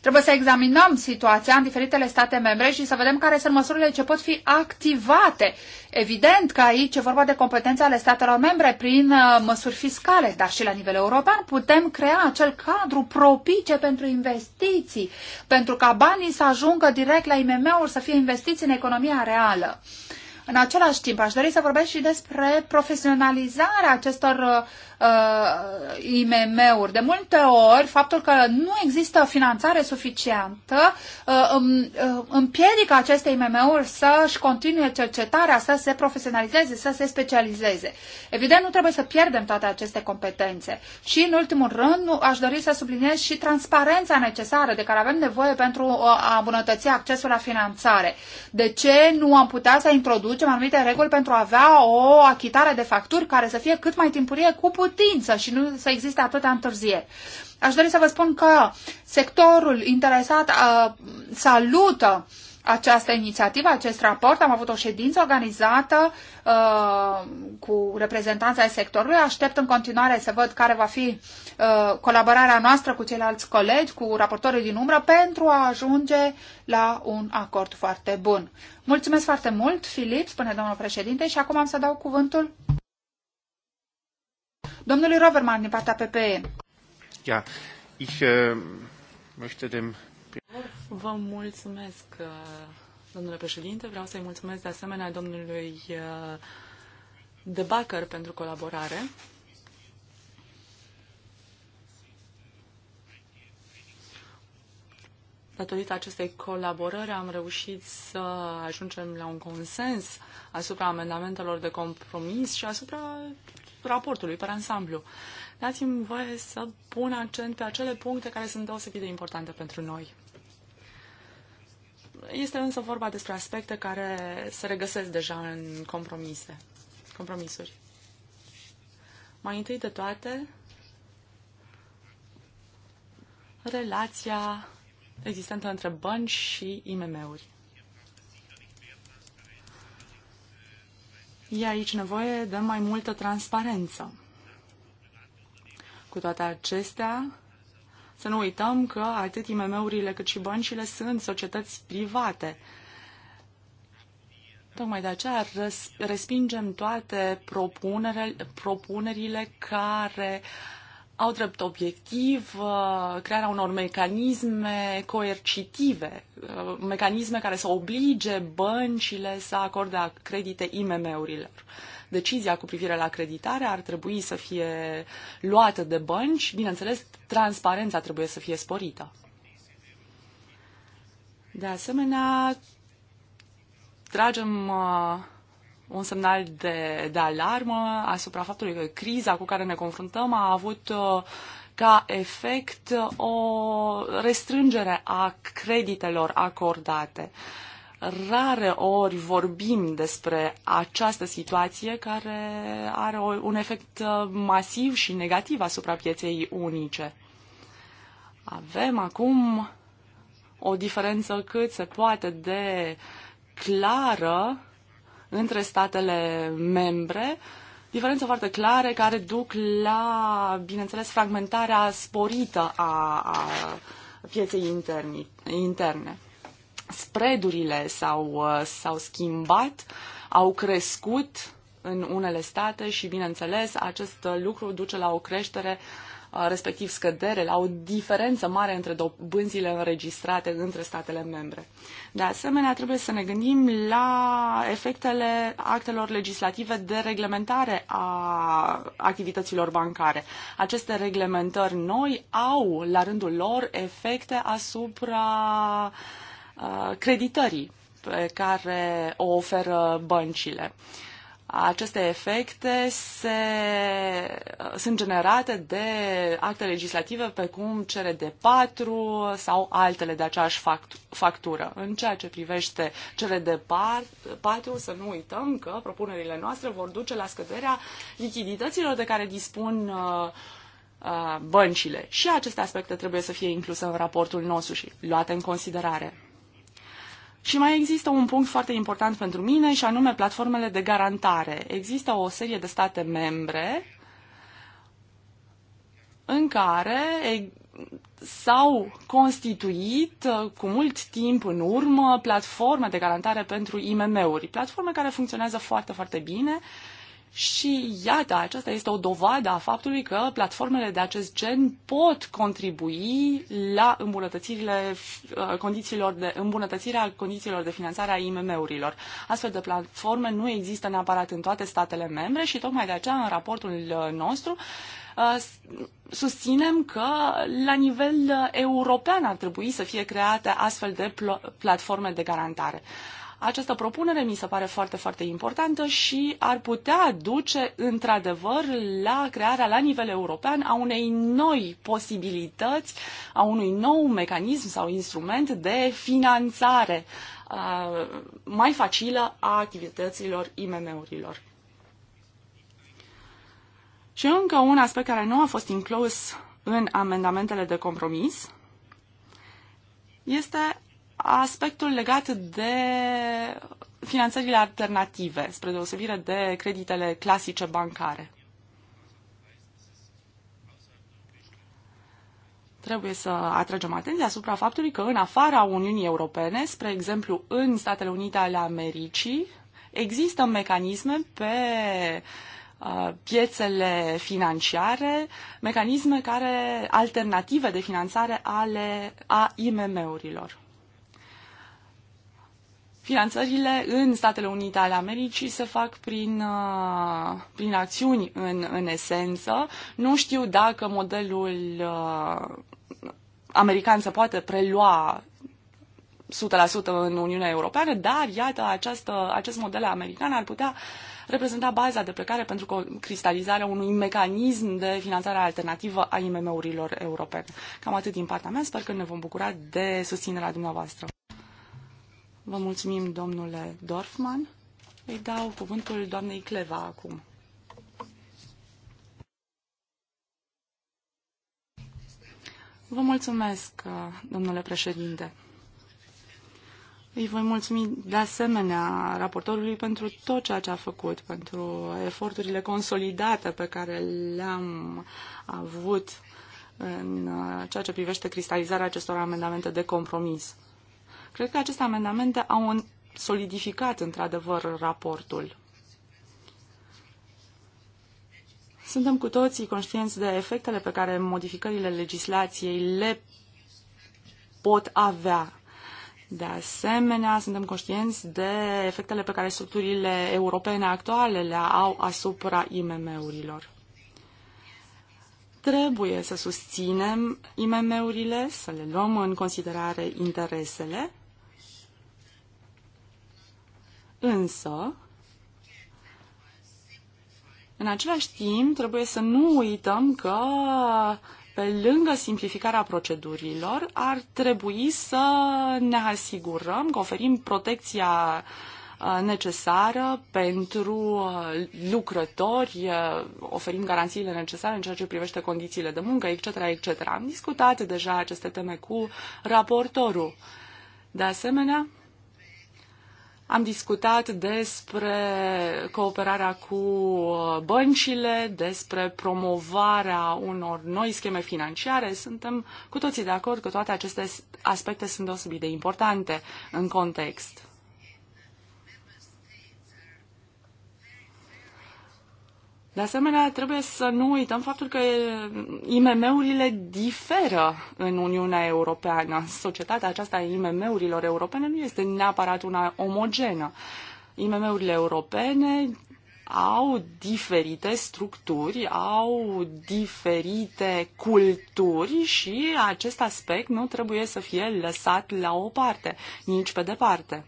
S1: Trebuie să examinăm situația în diferitele state membre și să vedem care sunt măsurile ce pot fi activate. Evident că aici e vorba de competența ale statelor membre prin uh, măsuri fiscale, dar și la nivel european putem crea acel cadru propice pentru investiții, pentru ca banii să ajungă direct la IMM-uri, să fie investiți în economia reală. În același timp, aș dori să vorbesc și despre profesionalizarea acestor uh, uh, IMM-uri. De multe ori, faptul că nu există finanțare suficientă uh, uh împiedică aceste IMM-uri să-și continue cercetarea, să se profesionalizeze, să se specializeze. Evident, nu trebuie să pierdem toate aceste competențe. Și, în ultimul rând, aș dori să subliniez și transparența necesară de care avem nevoie pentru uh, a îmbunătăți accesul la finanțare. De ce nu am putea să introducem anumite reguli pentru a avea o achitare de facturi care să fie cât mai timpurie cu putință? putință și nu să existe atâtea întârzieri. Aș dori să vă spun că sectorul interesat uh, salută această inițiativă, acest raport. Am avut o ședință organizată uh, cu reprezentanța ai sectorului. Aștept în continuare să văd care va fi uh, colaborarea noastră cu ceilalți colegi, cu raportorii din umbră, pentru a ajunge la un acord foarte bun. Mulțumesc foarte mult, Filip, spune domnul președinte, și acum am să dau cuvântul Domnule Roverman, din partea PPE.
S3: Ja, ich uh, möchte dem...
S2: Vă mulțumesc, eh, domnule președinte. Vreau să-i mulțumesc de asemenea domnului eh, De Bacăr pentru colaborare. datorită acestei colaborări am reușit să ajungem la un consens asupra amendamentelor de compromis și asupra raportului, pe ansamblu. Dați-mi voie să pun accent pe acele puncte care sunt deosebit de importante pentru noi. Este însă vorba despre aspecte care se regăsesc deja în compromise, compromisuri. Mai întâi de toate, relația existentă între bănci și IMM-uri. E aici nevoie de mai multă transparență. Cu toate acestea, să nu uităm că atât IMM-urile cât și băncile sunt societăți private. Tocmai de aceea respingem toate propunerile care uh, au drept obiectiv uh, crearea unor mecanisme coercitive, uh, mecanisme care să oblige băncile să acorde credite IMM-urilor. Decizia cu privire la creditare ar trebui să fie luată de bănci, bineînțeles, transparența trebuie să fie sporită. De asemenea, tragem uh, un semnal de, de alarmă asupra faptului că criza cu care ne confruntăm a avut uh, ca efect o restrângere a creditelor acordate. Rare ori vorbim despre această situație care are un efect uh, masiv și negativ asupra pieței unice. Avem acum o diferență cât se poate de clară între statele membre, diferențe foarte clare care duc la, bineînțeles, fragmentarea sporită a, a pieței interni, interne. Spredurile s-au, s-au schimbat, au crescut în unele state și, bineînțeles, acest lucru duce la o creștere uh, respectiv scădere, la o diferență mare între dobânzile înregistrate între statele membre. De asemenea, trebuie să ne gândim la efectele actelor legislative de reglementare a activităților bancare. Aceste reglementări noi au, la rândul lor, efecte asupra creditării pe care o oferă băncile. Uh, aceste efecte se, sunt generate de acte legislative precum cele de patru sau altele de aceeași factură. În ceea ce privește cele de patru, să nu uităm că propunerile noastre vor duce la scăderea lichidităților de care dispun uh, uh băncile. Și aceste aspecte trebuie să fie incluse în raportul nostru și luate în considerare. Și mai există un punct foarte important pentru mine și anume platformele de garantare. Există o serie de state membre în care s-au constituit uh, cu mult timp în urmă platforme de garantare pentru IMM-uri, platforme care funcționează foarte, foarte bine și iată, aceasta este o dovadă a faptului că platformele de acest gen pot contribui la îmbunătățirile uh, condițiilor de, îmbunătățirea condițiilor de finanțare a IMM-urilor. Astfel de platforme nu există neapărat în toate statele membre și tocmai de aceea în raportul uh, nostru uh, susținem că la nivel european ar trebui să fie create astfel de platforme de garantare. Această propunere mi se pare foarte, foarte importantă și ar putea duce, într-adevăr, la crearea la nivel european a unei noi posibilități, a unui nou mecanism sau instrument de finanțare uh, mai facilă a activităților IMM-urilor. Și încă un aspect care nu a fost inclus în amendamentele de compromis este aspectul legat de finanțările alternative, spre deosebire de creditele clasice bancare. Trebuie să atragem atenția asupra faptului că în afara Uniunii Europene, spre exemplu în Statele Unite ale Americii, există mecanisme pe uh, piețele financiare, mecanisme care alternative de finanțare ale a IMM-urilor. Finanțările în Statele Unite ale Americii se fac prin, uh, prin acțiuni în, în esență. Nu știu dacă modelul uh, american se poate prelua 100% în Uniunea Europeană, dar iată, această, acest model american ar putea reprezenta baza de plecare pentru cristalizarea unui mecanism de finanțare alternativă a IMM-urilor europene. Cam atât din partea mea, sper că ne vom bucura de susținerea dumneavoastră. Vă mulțumim, domnule Dorfman. Îi dau cuvântul doamnei Cleva acum. Vă mulțumesc, domnule președinte. Îi voi mulțumi de asemenea raportorului pentru tot ceea ce a făcut, pentru eforturile consolidate pe care le-am avut în ceea ce privește cristalizarea acestor amendamente de compromis. Cred că aceste amendamente au solidificat într-adevăr raportul. Suntem cu toții conștienți de efectele pe care modificările legislației le pot avea. De asemenea, suntem conștienți de efectele pe care structurile europene actuale le au asupra IMM-urilor. Trebuie să susținem IMM-urile, să le luăm în considerare interesele Însă, în același timp, trebuie să nu uităm că pe lângă simplificarea procedurilor, ar trebui să ne asigurăm că oferim protecția uh, necesară pentru uh, lucrători, uh, oferim garanțiile necesare în ceea ce privește condițiile de muncă, etc., etc. Am discutat deja aceste teme cu raportorul. De asemenea, am discutat despre cooperarea cu uh, băncile, despre promovarea unor noi scheme financiare. Suntem cu toții de acord că toate aceste aspecte sunt deosebit de importante în context. De asemenea, trebuie să nu uităm faptul că IMM-urile diferă în Uniunea Europeană. Societatea aceasta a IMM-urilor europene nu este neapărat una omogenă. IMM-urile europene au diferite structuri, au diferite culturi și acest aspect nu trebuie să fie lăsat la o parte, nici pe departe.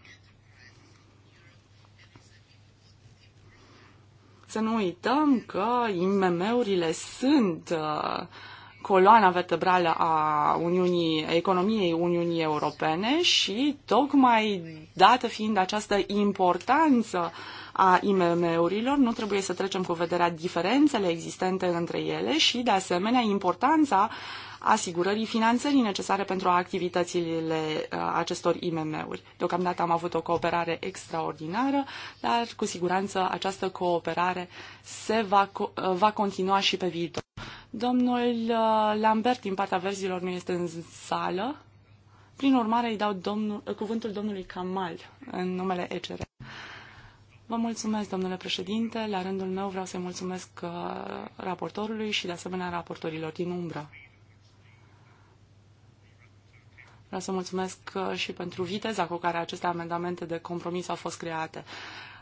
S2: Să nu uităm că IMM-urile sunt uh, coloana vertebrală a Uniunii, economiei Uniunii Europene și tocmai dată fiind această importanță a IMM-urilor, nu trebuie să trecem cu vederea diferențele existente între ele și, de asemenea, importanța asigurării finanțării necesare pentru activitățile uh, acestor IMM-uri. Deocamdată am avut o cooperare extraordinară, dar cu siguranță această cooperare se va, uh, va continua și pe viitor. Domnul uh, Lambert din partea verzilor nu este în sală. Prin urmare, îi dau domnul, cuvântul domnului Kamal în numele ECR. Vă mulțumesc, domnule președinte. La rândul meu vreau să-i mulțumesc raportorului și, de asemenea, raportorilor din umbră. Vreau să mulțumesc uh, și pentru viteza cu care aceste amendamente de compromis au fost create.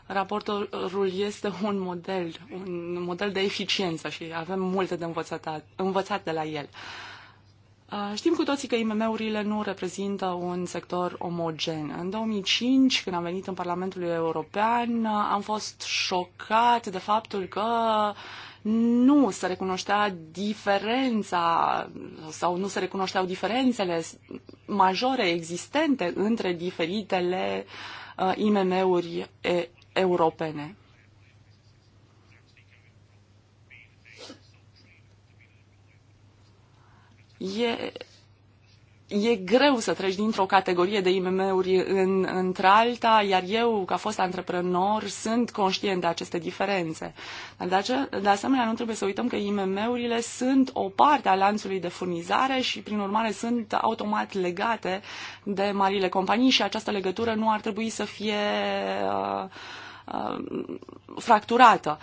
S2: Raportorul este un model, un model de eficiență și avem multe de învățat, învățat de la el. Uh, știm cu toții că IMM-urile nu reprezintă un sector omogen. În 2005, când am venit în Parlamentul European, am fost șocat de faptul că nu se recunoștea diferența sau nu se recunoșteau diferențele majore existente între diferitele uh, IMM-uri e- europene. E e greu să treci dintr-o categorie de IMM-uri în, într-alta, iar eu, ca fost antreprenor, sunt conștient de aceste diferențe. Dar de, de asemenea, nu trebuie să uităm că IMM-urile sunt o parte a lanțului de furnizare și, prin urmare, sunt automat legate de marile companii și această legătură nu ar trebui să fie uh, uh fracturată.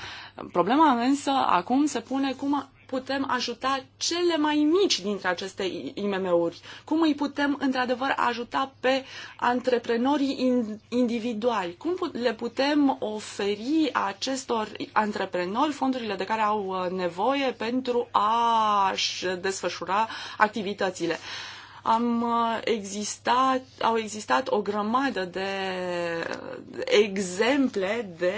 S2: Problema însă acum se pune cum putem ajuta cele mai mici dintre aceste IMM-uri? Cum îi putem, într-adevăr, ajuta pe antreprenorii individuali? Cum le putem oferi acestor antreprenori fondurile de care au uh, nevoie pentru a-și desfășura activitățile? am uh, existat, au existat o grămadă de exemple de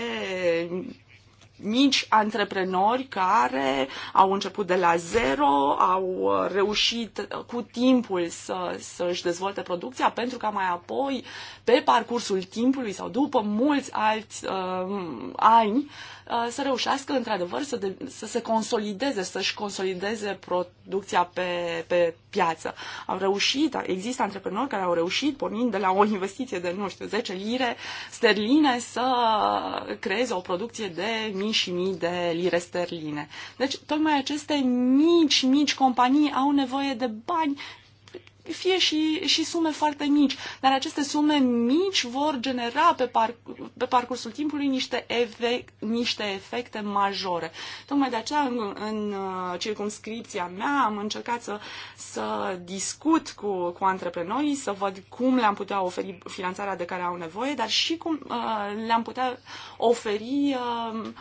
S2: mici antreprenori care au început de la zero, au reușit cu timpul să, să-și dezvolte producția pentru ca mai apoi, pe parcursul timpului sau după mulți alți uh, ani, Uh, să reușească într-adevăr să, de, să se consolideze, să-și consolideze producția pe, pe piață. Au reușit, există antreprenori care au reușit, pornind de la o investiție de, nu știu, 10 lire sterline, să creeze o producție de mii și mii de lire sterline. Deci, tocmai aceste mici, mici companii au nevoie de bani fie și, și sume foarte mici, dar aceste sume mici vor genera pe, par, pe parcursul timpului niște, efe, niște efecte majore. Tocmai de aceea, în, în uh, circumscripția mea, am încercat să, să discut cu, cu antreprenorii, să văd cum le-am putea oferi finanțarea de care au nevoie, dar și cum uh, le-am putea oferi uh,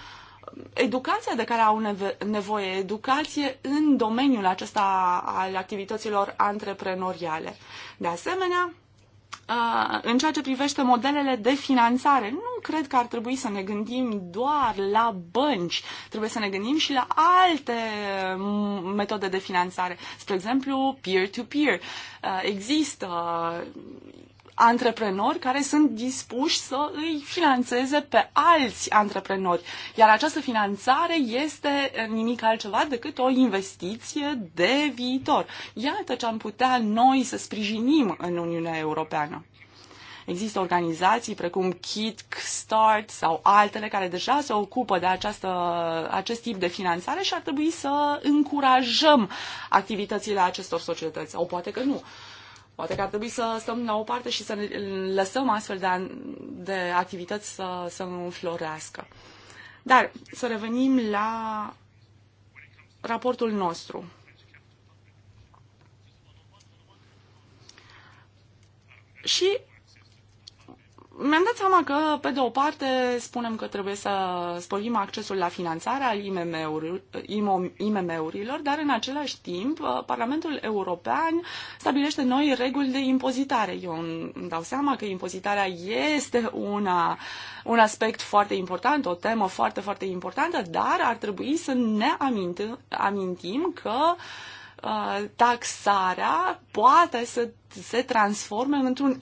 S2: educația de care au nevoie, educație în domeniul acesta al activităților antreprenoriale. De asemenea, în ceea ce privește modelele de finanțare, nu cred că ar trebui să ne gândim doar la bănci, trebuie să ne gândim și la alte metode de finanțare. Spre exemplu, peer-to-peer. -peer. Există antreprenori care sunt dispuși să îi finanțeze pe alți antreprenori. Iar această finanțare este nimic altceva decât o investiție de viitor. Iată ce am putea noi să sprijinim în Uniunea Europeană. Există organizații precum KickStart Start sau altele care deja se ocupă de această, acest tip de finanțare și ar trebui să încurajăm activitățile acestor societăți. Sau poate că nu. Poate că ar trebui să stăm la o parte și să ne lăsăm astfel de, de activități să, să înflorească. Dar să revenim la raportul nostru. Și mi-am dat seama că, pe de o parte, spunem că trebuie să spălim accesul la finanțare al IMM-urilor, dar în același timp, uh, Parlamentul European stabilește noi reguli de impozitare. Eu îmi dau seama că impozitarea este una, un aspect foarte important, o temă foarte, foarte importantă, dar ar trebui să ne amintim, amintim că uh, taxarea poate să se transforme într-un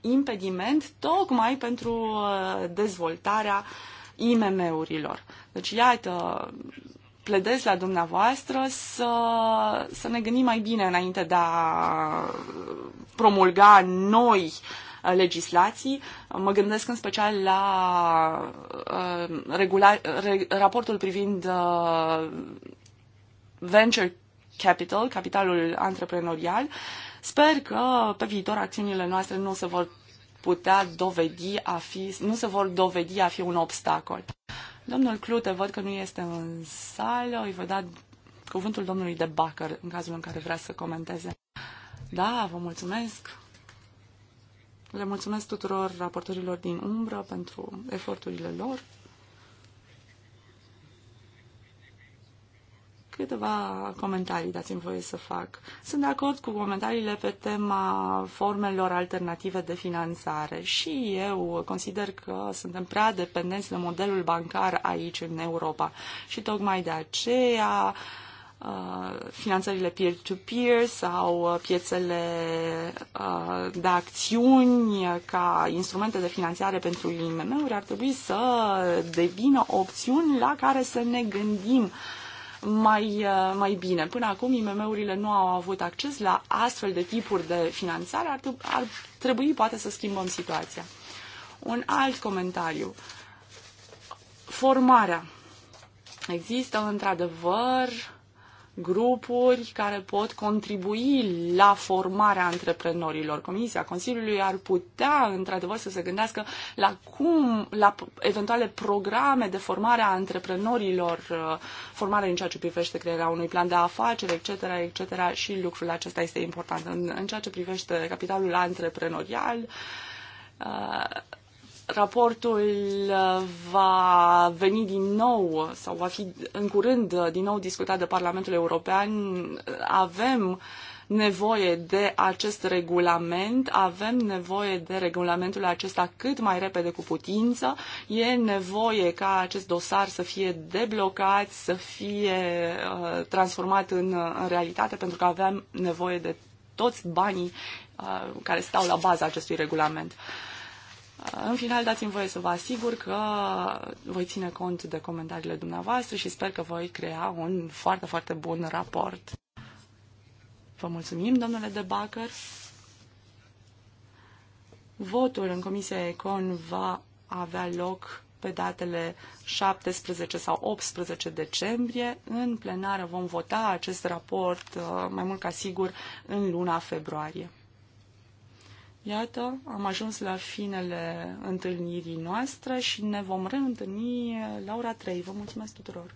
S2: impediment tocmai pentru uh, dezvoltarea IMM-urilor. Deci, iată, pledez la dumneavoastră să, să ne gândim mai bine înainte de a promulga noi uh, legislații. Mă gândesc în special la uh, regula, re, raportul privind uh, venture capital, capitalul antreprenorial. Uh, Sper că pe viitor acțiunile noastre nu se vor putea dovedi a fi, nu se vor dovedi a fi un obstacol. Domnul Clute, văd că nu este în sală, îi voi da cuvântul domnului de Bacăr în cazul în care vrea să comenteze. Da, vă mulțumesc. Le mulțumesc tuturor raportorilor din umbră pentru eforturile lor. Câteva comentarii dați-mi voie să fac. Sunt de acord cu comentariile pe tema formelor alternative de finanțare și eu consider că suntem prea dependenți de modelul bancar aici în Europa și tocmai de aceea uh, finanțările peer-to-peer -peer sau piețele uh, de acțiuni ca instrumente de finanțare pentru IMM-uri ar trebui să devină opțiuni la care să ne gândim mai, uh, mai bine. Până acum, IMM-urile nu au avut acces la astfel de tipuri de finanțare. Ar, ar trebui, poate, să schimbăm situația. Un alt comentariu. Formarea. Există, într-adevăr, grupuri care pot contribui la formarea antreprenorilor. Comisia Consiliului ar putea, într-adevăr, să se gândească la cum, la eventuale programe de formare a antreprenorilor, uh, formare în ceea ce privește crearea unui plan de afaceri, etc., etc., și lucrul acesta este important. În, în ceea ce privește capitalul antreprenorial, uh, Raportul uh, va veni din nou sau va fi în curând uh, din nou discutat de Parlamentul European. Avem nevoie de acest regulament, avem nevoie de regulamentul acesta cât mai repede cu putință, e nevoie ca acest dosar să fie deblocat, să fie uh, transformat în, uh, în realitate, pentru că avem nevoie de toți banii uh, care stau la baza acestui regulament. În final, dați-mi voie să vă asigur că voi ține cont de comentariile dumneavoastră și sper că voi crea un foarte, foarte bun raport. Vă mulțumim, domnule de Bacăr. Votul în Comisia Econ va avea loc pe datele 17 sau 18 decembrie. În plenară vom vota acest raport, uh, mai mult ca sigur, în luna februarie. Iată, am ajuns la finele întâlnirii noastre și ne vom reîntâlni la ora 3. Vă mulțumesc tuturor!